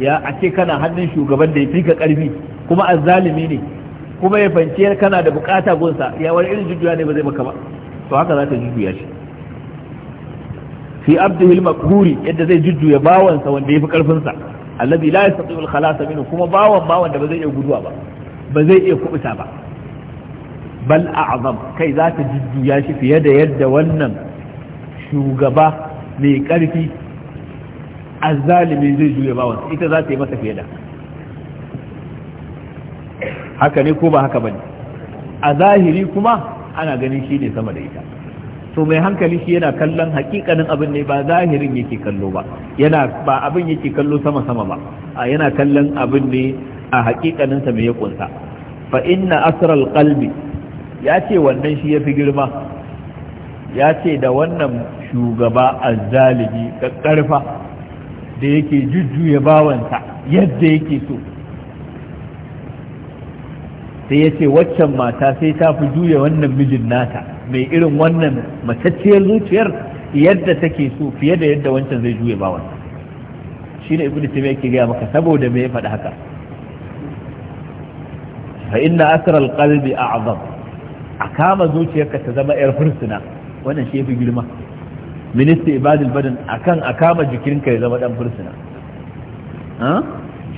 Speaker 1: ya a ce kana hannun shugaban da ya fi ka ƙarfi kuma a zalimi ne kuma ya fance kana da bukata gunsa ya wani irin jujjuya ne ba zai maka ba to haka za ta jujjuya shi fi abdihil makhuri yadda zai jujjuya bawansa wanda ya fi karfinsa allazi la yastati al khalas minhu kuma bawan bawan da ba zai iya guduwa ba ba zai iya kubuta ba bal a'zam kai za ta jujjuya shi fiye da yadda wannan shugaba mai karfi azzalimi zai juya bawansa ita za ta yi masa fiye da haka ne ko ba haka bane a zahiri kuma ana ganin shi ne sama da ita so mai hankali shi yana kallon hakikanin abin ne ba zahirin yake kallo ba yana ba abin yake kallo sama sama ba a yana kallon abin ne a hakikanin sa mai ya kunsa fa inna asral qalbi ya ce wannan shi yafi girma ya ce da wannan shugaba azzalimi karfa da yake jujjuya bawansa yadda yake so sai ya ce waccan mata sai ta fi juya wannan mijin nata mai irin wannan matacciyar zuciyar yadda take so fiye da yadda wancan zai juya ba wannan shi ne ibnu taymiya yake gaya maka saboda me ya faɗi haka fa inna asra alqalbi a'zam a kama zuciyarka ta zama yar fursuna wannan shi yafi girma minista ibadul badan akan a kama jikinka ya zama dan fursuna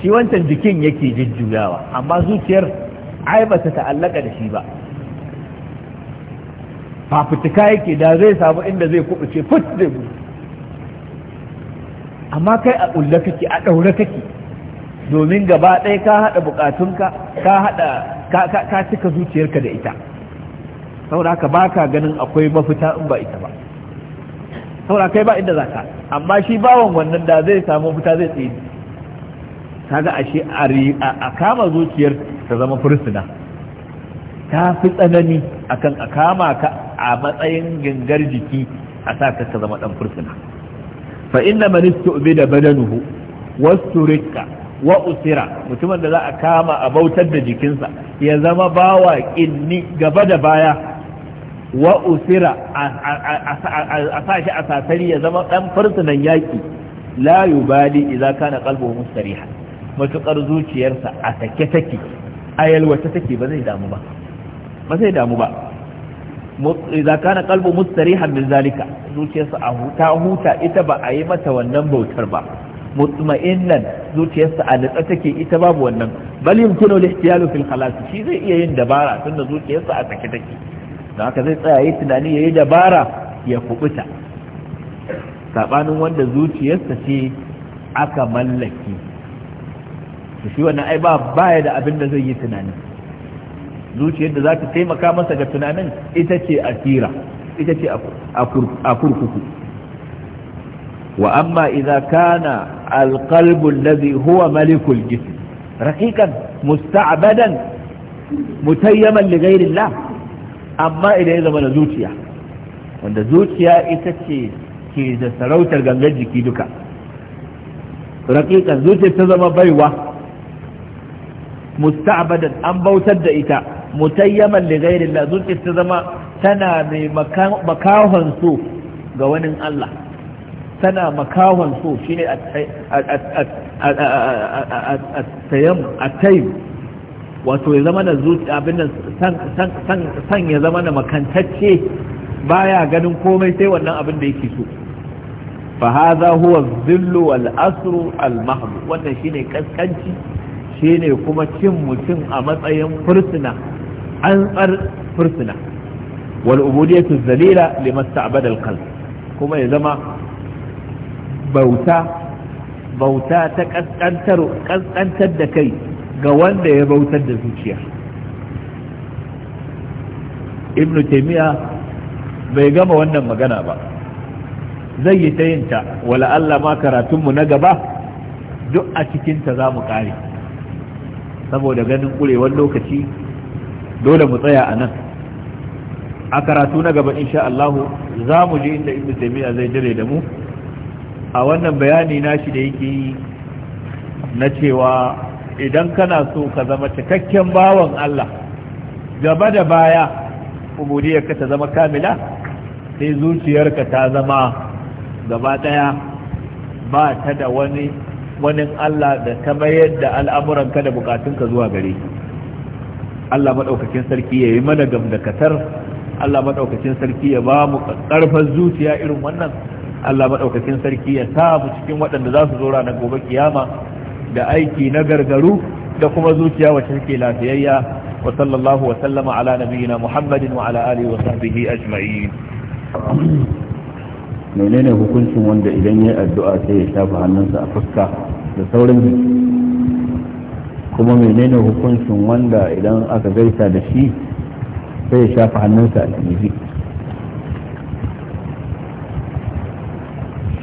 Speaker 1: shi wancan jikin yake jujjuyawa amma zuciyar ai ba ta ta'allaka da shi ba fafutuka yake da zai samu inda zai kubuce fut zai gudu amma kai a ƙulla kake a ɗaure kake domin gaba ɗaya ka haɗa buƙatunka ka haɗa ka cika zuciyarka da ita saboda ka ba ka ganin akwai mafita in ba ita ba saboda kai ba inda za ka amma shi bawan wannan da zai samu mafita zai tsaye kaga ashe a kama zuciyarka ka zama fursuna ta fi tsanani akan a kama ka a matsayin gangar jiki a sa ka ka zama dan fursuna fa inna man da badanuhu wasturika wa usira mutumin da za a kama a bautar da jikinsa ya zama bawa kinni gaba da baya wa usira a sa shi a sasari ya zama dan fursunan yaki la yubali idza kana qalbuhu mustariha matukar zuciyarsa a take take a yalwata take ba zai damu ba ba zai damu ba idza kana qalbu mustarihan min zalika zuciyarsa a huta huta ita ba a yi mata wannan bautar ba mutma'innan zuciyarsa a natsa take ita babu wannan bal yumkinu al fil khalas shi zai iya yin dabara tunda zuciyarsa a sake take don haka zai tsaya yi tunani yayi dabara ya kubuta sabanin wanda zuciyarsa ce aka mallaki to shi wannan ai ba baya da abin da zai yi tunani zuciyar da za ta taimaka masa ga tunanin ita ce asira ita ce a kurkuku wa amma idza kana alqalbu alladhi huwa malikul jism raqiqan musta'badan mutayyaman li ghayrillah amma idan ya zama da zuciya wanda zuciya ita ce ke da sarautar gangar jiki duka raqiqan zuciya ta zama baiwa musta'badan an bautar da ita mutayyaman li da zuciya ta zama tana mai makahon so ga wani Allah tana makahon so shine a tayyam wato ya zama da zuci abin san ya zama da makantacce baya ganin komai sai wannan abin da yake so fa hadha huwa dhillu wal asru al mahd wannan shine kaskanci ne kuma cin mutum a matsayin fursuna an tsar fursuna wal ubudiyatu zalila limasta'bada al kuma ya zama bauta bauta ta kaskantar da kai ga wanda ya bautar da zuciya ibnu taymiya bai gama wannan magana ba zai yi ta yinta wala Allah ma karatunmu na gaba duk a cikinta za mu ƙare saboda ganin kurewar lokaci dole mu tsaya a nan a karatu na gaba insha Allahu, za mu je inda ibn taymiya zai jire da mu a wannan bayani nashi da yake yi na cewa idan kana so ka zama cikakken bawan Allah gaba da baya ka ta zama kamila sai zuciyarka ta zama gaba daya ba ta da wani wani Allah da ta mayar da al'amuranka da bukatunka zuwa gare Allah maɗaukacin sarki ya yi mana gamdakatar Allah maɗaukacin sarki ya ba mu ƙarfin zuciya irin wannan Allah maɗaukacin sarki ya sa mu cikin waɗanda za su zo ranar gobe kiyama da aiki na gargaru da kuma zuciya wacce take lafiyayya wa sallallahu wa sallama ala nabiyyina Muhammadin wa ala alihi wa sahbihi ajma'in menene hukuncin wanda idan ya addu'a sai ya shafa hannunsa a fuska da sauran kuma menene hukuncin wanda idan aka gaisa da shi sai ya shafa hannunsa a kirji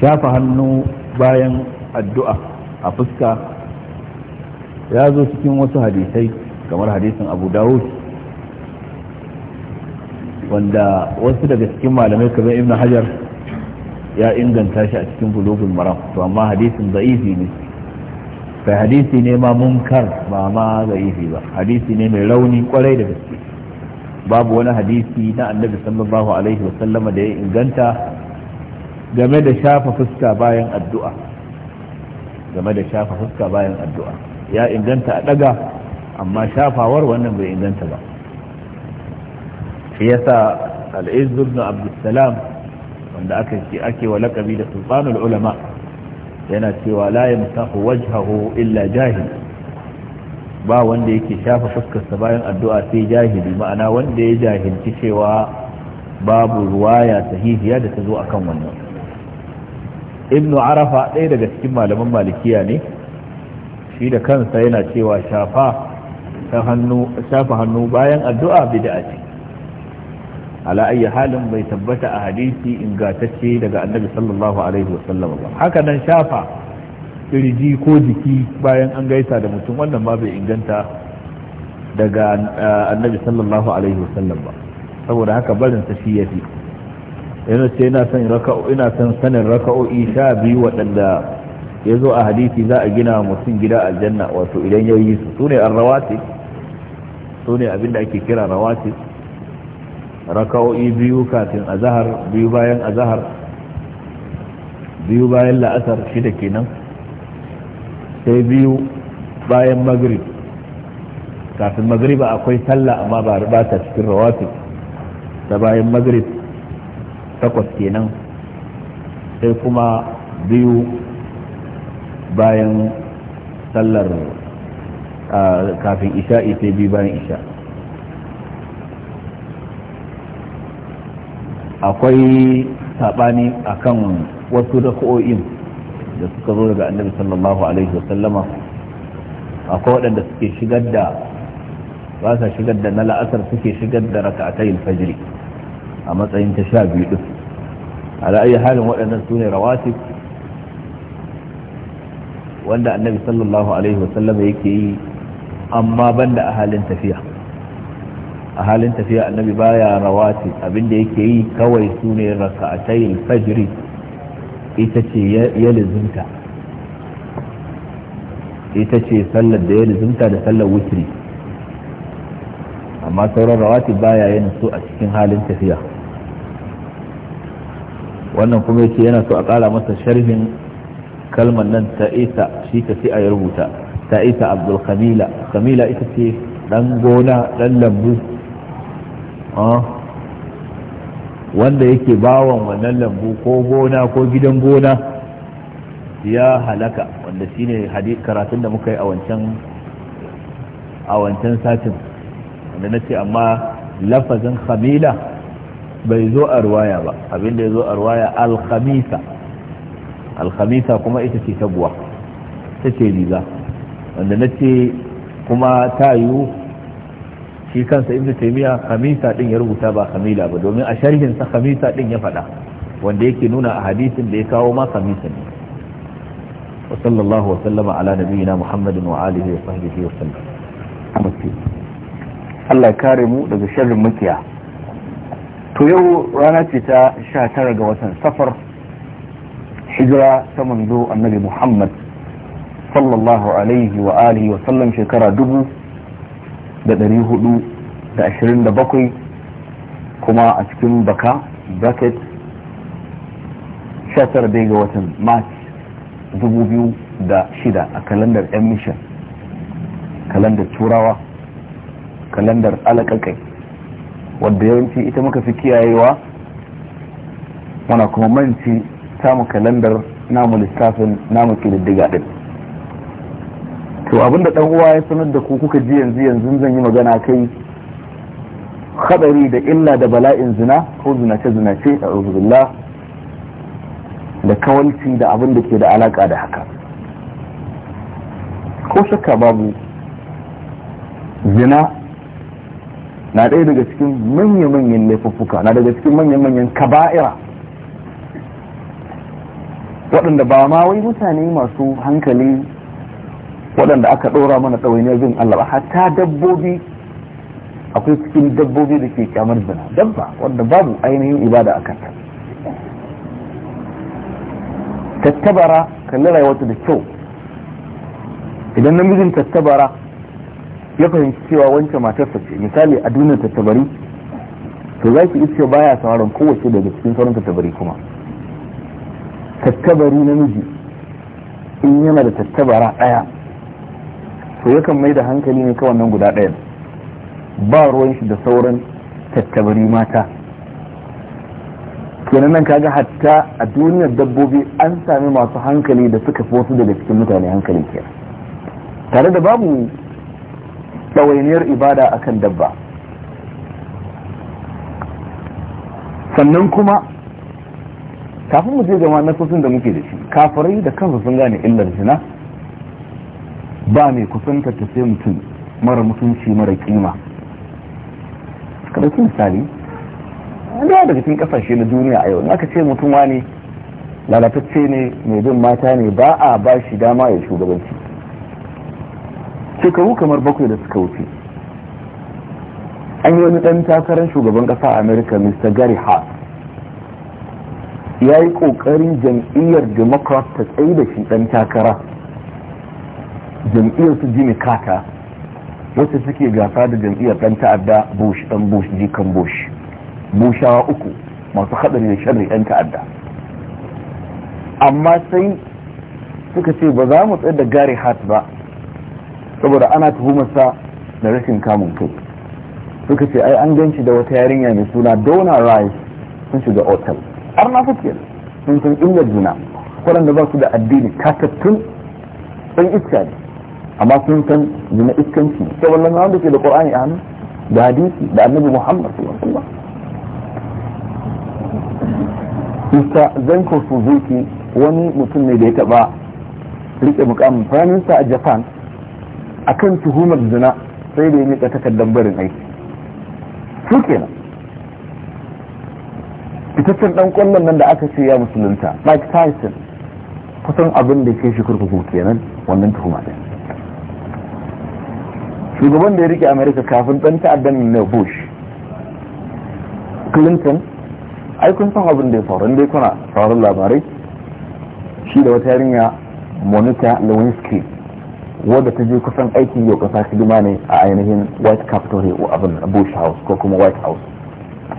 Speaker 1: shafa hannu bayan addu'a a fuska ya zo cikin wasu hadisai kamar hadisin abu dawud wanda wasu daga cikin malamai kamar ibn hajar ya inganta shi a cikin bulugul maram to amma hadisin za'ifi ne kai hadisi ne ma munkar ba ma za'ifi ba hadisi ne mai rauni kwarai da gaske babu wani hadisi na annabi sallallahu alaihi wasallama da ya inganta game da shafa fuska bayan addu'a game da shafa fuska bayan addu'a ya inganta a daga amma shafawar wannan bai inganta ba shi yasa al ibn abdussalam wanda aka ce ake wa lakabi da sultanul ulama yana cewa la yamsahu wajhahu illa jahil ba wanda yake shafa fuskarsa bayan addu'a sai jahili ma'ana wanda ya jahilci cewa babu ruwaya sahihiya da ta zo akan wannan ibnu arafa ɗaya daga cikin malaman malikiya ne shi da kansa yana cewa shafa hannu shafa hannu bayan addu'a bida'a ce ala ayi halin bai tabbata a hadisi ingantacce daga annabi sallallahu ba haka nan shafa kirji ko jiki bayan an gaisa da mutum wannan ma bai inganta daga annabi sallallahu ba saboda haka barinsa sa shi yafi yana ce ina son sanin raka'o'i sha biyu waɗanda ya zo a hadisi za a gina mutum gida a aljanna wato idan ya yi su su an rawati su ne abin da ake kira rawati raka'o'i biyu kafin azahar biyu bayan azahar biyu bayan la'asar shida kenan sai biyu bayan magrib kafin magriba akwai sallah amma ba ba ta cikin rawafi ta bayan magrib takwas kenan sai kuma biyu bayan sallar kafin isha'i sai biyu bayan isha. akwai saɓani a kan wasu raka'o'in da suka zo daga annabi sallallahu alaihi wasallama akwai waɗanda suke shigar da ba sa shigar da na la'asar suke shigar da raka'atai fajri a matsayin ta sha biyu ɗin ala ayi halin waɗannan su ne rawatib wanda annabi sallallahu alaihi wasallama yake yi amma banda a halin tafiya a halin tafiya annabi baya rawati abinda yake yi kawai su ne raka'atayil fajri ita ce ita ce sallar da da sallar wutri amma sauran rawati baya yin su a cikin halin tafiya wannan kuma yace yana so a kara masa sharhin kalmar nan ta isa shi ta sai a yi rubuta ta isa abdul kamila kamila ita ce dan gona dan lambu Ah. wanda yake bawan wannan lambu ko gona ko gidan gona ya halaka wanda shine karatun da muka yi a wancan a wancan satin wanda na ce amma lafazin khamila bai zo a ruwaya ba abinda ya zo a ruwaya alkhamisa alkhamisa kuma ita ce taguwa ta ce riga wanda na ce kuma ta yiwu shi kansa ibnu taymiya khamisa din ya rubuta ba khamila ba domin a sharhin sa khamisa din ya fada wanda yake nuna a hadisin da ya kawo ma khamisa ne wa sallallahu wa sallama ala nabiyyina muhammadin wa alihi wa sahbihi wa sallam Allah ya kare mu daga sharrin makiya to yau rana ce ta 19 ga watan safar hijira ta manzo annabi muhammad sallallahu alaihi wa alihi wa sallam shekara dubu da ɗari hudu da ashirin da bakwai kuma a cikin baka bracket sha tara dai ga watan march dubu biyu da shida a kalandar yan mission kalandar turawa kalandar alakakai wadda yawanci ita muka fi kiyayewa wana kuma manci samu kalandar namu lissafin namu kididdiga ɗin to abinda dan uwa ya sanar da ku kuka ji yanzu yanzu zan yi magana kai hadari da illa da bala'in zina ko zinace zinace a billah da kawalci da abin da ke da alaka da haka ko shakka babu zina na ɗaya daga cikin manya-manyan laifuffuka na daga cikin manya-manyan kaba'ira waɗanda ba ma wai mutane masu hankali waɗanda aka ɗora mana ɗawainiyar bin Allah ba hatta dabbobi akwai cikin dabbobi da ke kyamar zina dabba wanda babu ainihin ibada a kanta tattabara kalli rayuwarta da kyau idan namijin tattabara ya fahimci cewa wancan matarsa ce misali a duniyar tattabari to za ki iske baya sauran kowace daga cikin sauran tattabari kuma tattabari namiji in yana da tattabara ɗaya to yakan mai da hankali ne kawai nan guda ɗayan ba ruwan shi da sauran tattabari mata kenan nan kaga hatta a duniyar dabbobi an sami masu hankali da suka fi wasu daga cikin mutane hankali ke tare da babu ɗawainiyar ibada akan dabba sannan kuma kafin mu je gama nasosin da muke da shi kafirai da kansu sun gane illar zina ba mai kusanta ta sai mutum mara mutunci mara kima kada misali da daga cikin kasashe na duniya a yau in aka ce mutum wani lalatacce ne mai bin mata ne ba a ba shi dama ya shugabanci shekaru kamar bakwai da suka wuce an yi wani dan takarar shugaban kasa a america mr gary hart ya yi kokarin jam'iyyar democrat ta tsaye da shi dan takara jam'iyyar su jimmy carter wacce suke gasa da jam'iyyar dan ta'adda bush dan bush jikan bush bushawa uku masu hadari da sharri yan ta'adda amma sai suka ce ba za mu tsaye da gari hart ba saboda ana tuhumarsa
Speaker 3: da rashin kamun kai suka
Speaker 1: ce ai an ganci da wata yarinya mai suna donna rice sun shiga otal har na fuke sun san illar juna waɗanda ba su da addini katattun ɗan iska ne amma sun san zina iskanci sai wallan da ke da qur'ani a hannu da hadisi da annabi muhammad sallallahu alaihi wasallam Mr. Suzuki wani mutum ne da ya taba rike mukamin firaminista a Japan akan tuhumar zina sai da ya nika takardar barin aiki su kenan fitaccen dan ƙwallon nan da aka ce ya musulunta Mike Tyson kusan abin da ke shi kurkuku kenan wannan tuhuma ɗin shugaban da ya rike america kafin dan ta'addan na bush clinton ai kun san abin da ya faru dai kuna sauran labarai shi da wata yarinya monica lewinsky wadda ta je kusan aikin yau kasa hidima ne a ainihin white capitol hill abin bush house ko kuma white house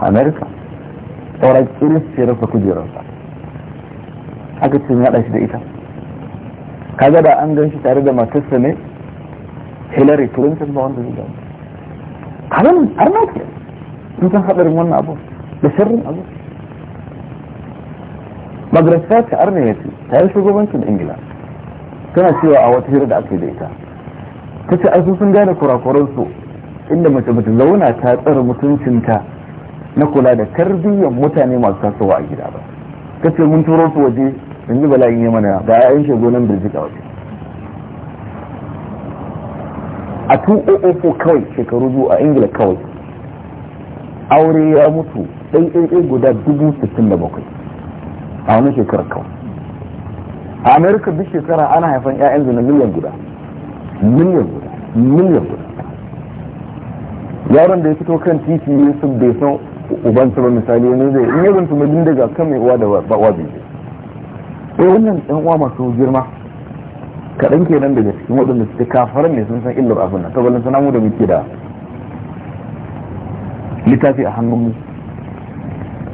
Speaker 1: america saura irin su ce rasa kujerarsa aka ce ya shi da ita kaga da an gan shi tare da matarsa ne hillary clinton ba wanda zai haram har na
Speaker 3: ke sun haɗarin wannan abu
Speaker 1: da sirrin abu madrasa ta arna ya ce ta yi shugabancin ingila tana cewa a wata hira da ake da ita ta ce asu sun gane kurakuransu inda mace bata zauna ta tsara mutuncinta na kula da tarbiyyar mutane masu tasowa a gida ba ta ce mun turo su waje sun yi bala'in yamana da 'ya'yan shagonan birjika waje a 2004 kawai shekaru biyu a ingila kawai aure ya mutu ɗaiɗaiɗai guda 67 a wani shekarar kawai a amerika duk shekara ana haifan 'ya'yan zina miliyan guda miliyan guda miliyan guda yaron da ya fito kan titi ne su bai san ubansa ba misali ne zai yi zan su mai daga kan mai uwa da wabi ne eh, wannan ɗan uwa masu girma kaɗan kenan daga cikin waɗanda suke kafaran ne sun san illar abin nan tabbalin sana mu da muke da littafi a hannun mu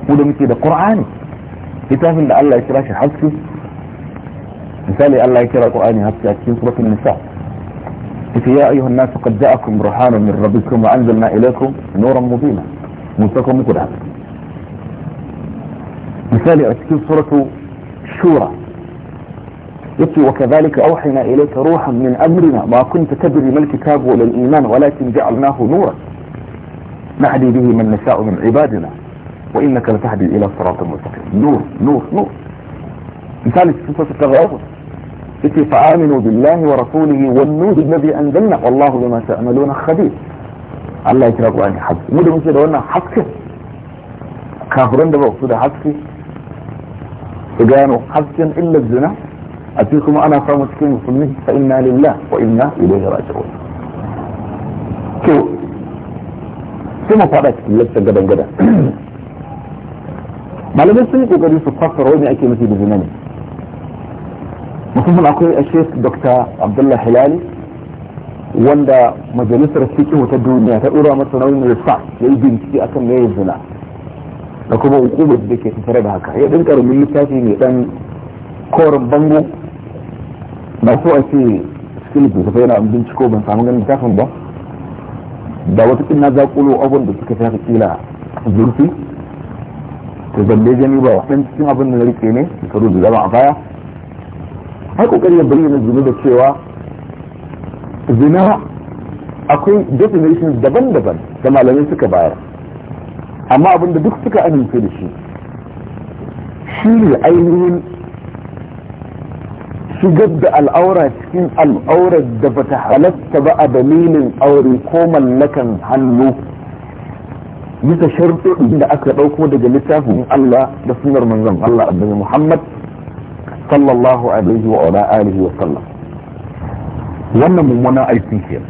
Speaker 1: mu da muke da qur'ani littafin da Allah ya kira shi haske misali Allah ya kira qur'ani haske a cikin suratul nisa yace ya ayyuhan nasu qad ja'akum burhanun min rabbikum wa anzalna ilaykum nuran mubina mun saka misali a cikin suratul shura يتي وكذلك أوحينا إليك روحا من أمرنا ما كنت تدري ما الكتاب ولا الإيمان ولكن جعلناه نورا نهدي به من نشاء من عبادنا وإنك لتهدي إلى صراط مستقيم نور نور نور مثال سورة التغابن يتي فآمنوا بالله ورسوله والنور الذي أنزلنا والله بما تعملون خبير الله ya kira حق haske mu da muke da wannan haske kafiran da ba su إلا الزنا أتيكم أنا فمسكين وصلني فإنا لله وإنا إليه راجعون كيف كما فعلت لسه جدا جدا ما لم يسمي كوكري سفصر ومي أكي مثي بزناني مخصوصا أقول الشيخ دكتور عبد الله حلالي وندا مجلس رسيكي وتدو نيا تأورا مصنوين من الصعب يأي بنتي أكم يأي الزنا لكما وقوبة بكي تتربها كا يأي بنتر من الكاتي korin bango ba so a ce cikin littattafai yana binciko ban samu ganin littafin ba da wata za kulo abin da suka shafi kila zurfi to zalle gani ba waɗanda cikin abin da na rike ne karu da zama a baya har kokari ya bayyana zuru da cewa zina akwai definitions daban-daban da malamai suka bayar amma abinda duk suka amince da shi shi ne ainihin shigar da al'aura cikin al'aurar da bata halatta ba a dalilin aure ko mallakan hannu bisa sharɗoɗin da aka ɗauko daga littafin Allah da sunar manzon Allah annabi
Speaker 3: Muhammad sallallahu alaihi wa alihi wa sallam wannan mummunan aiki ke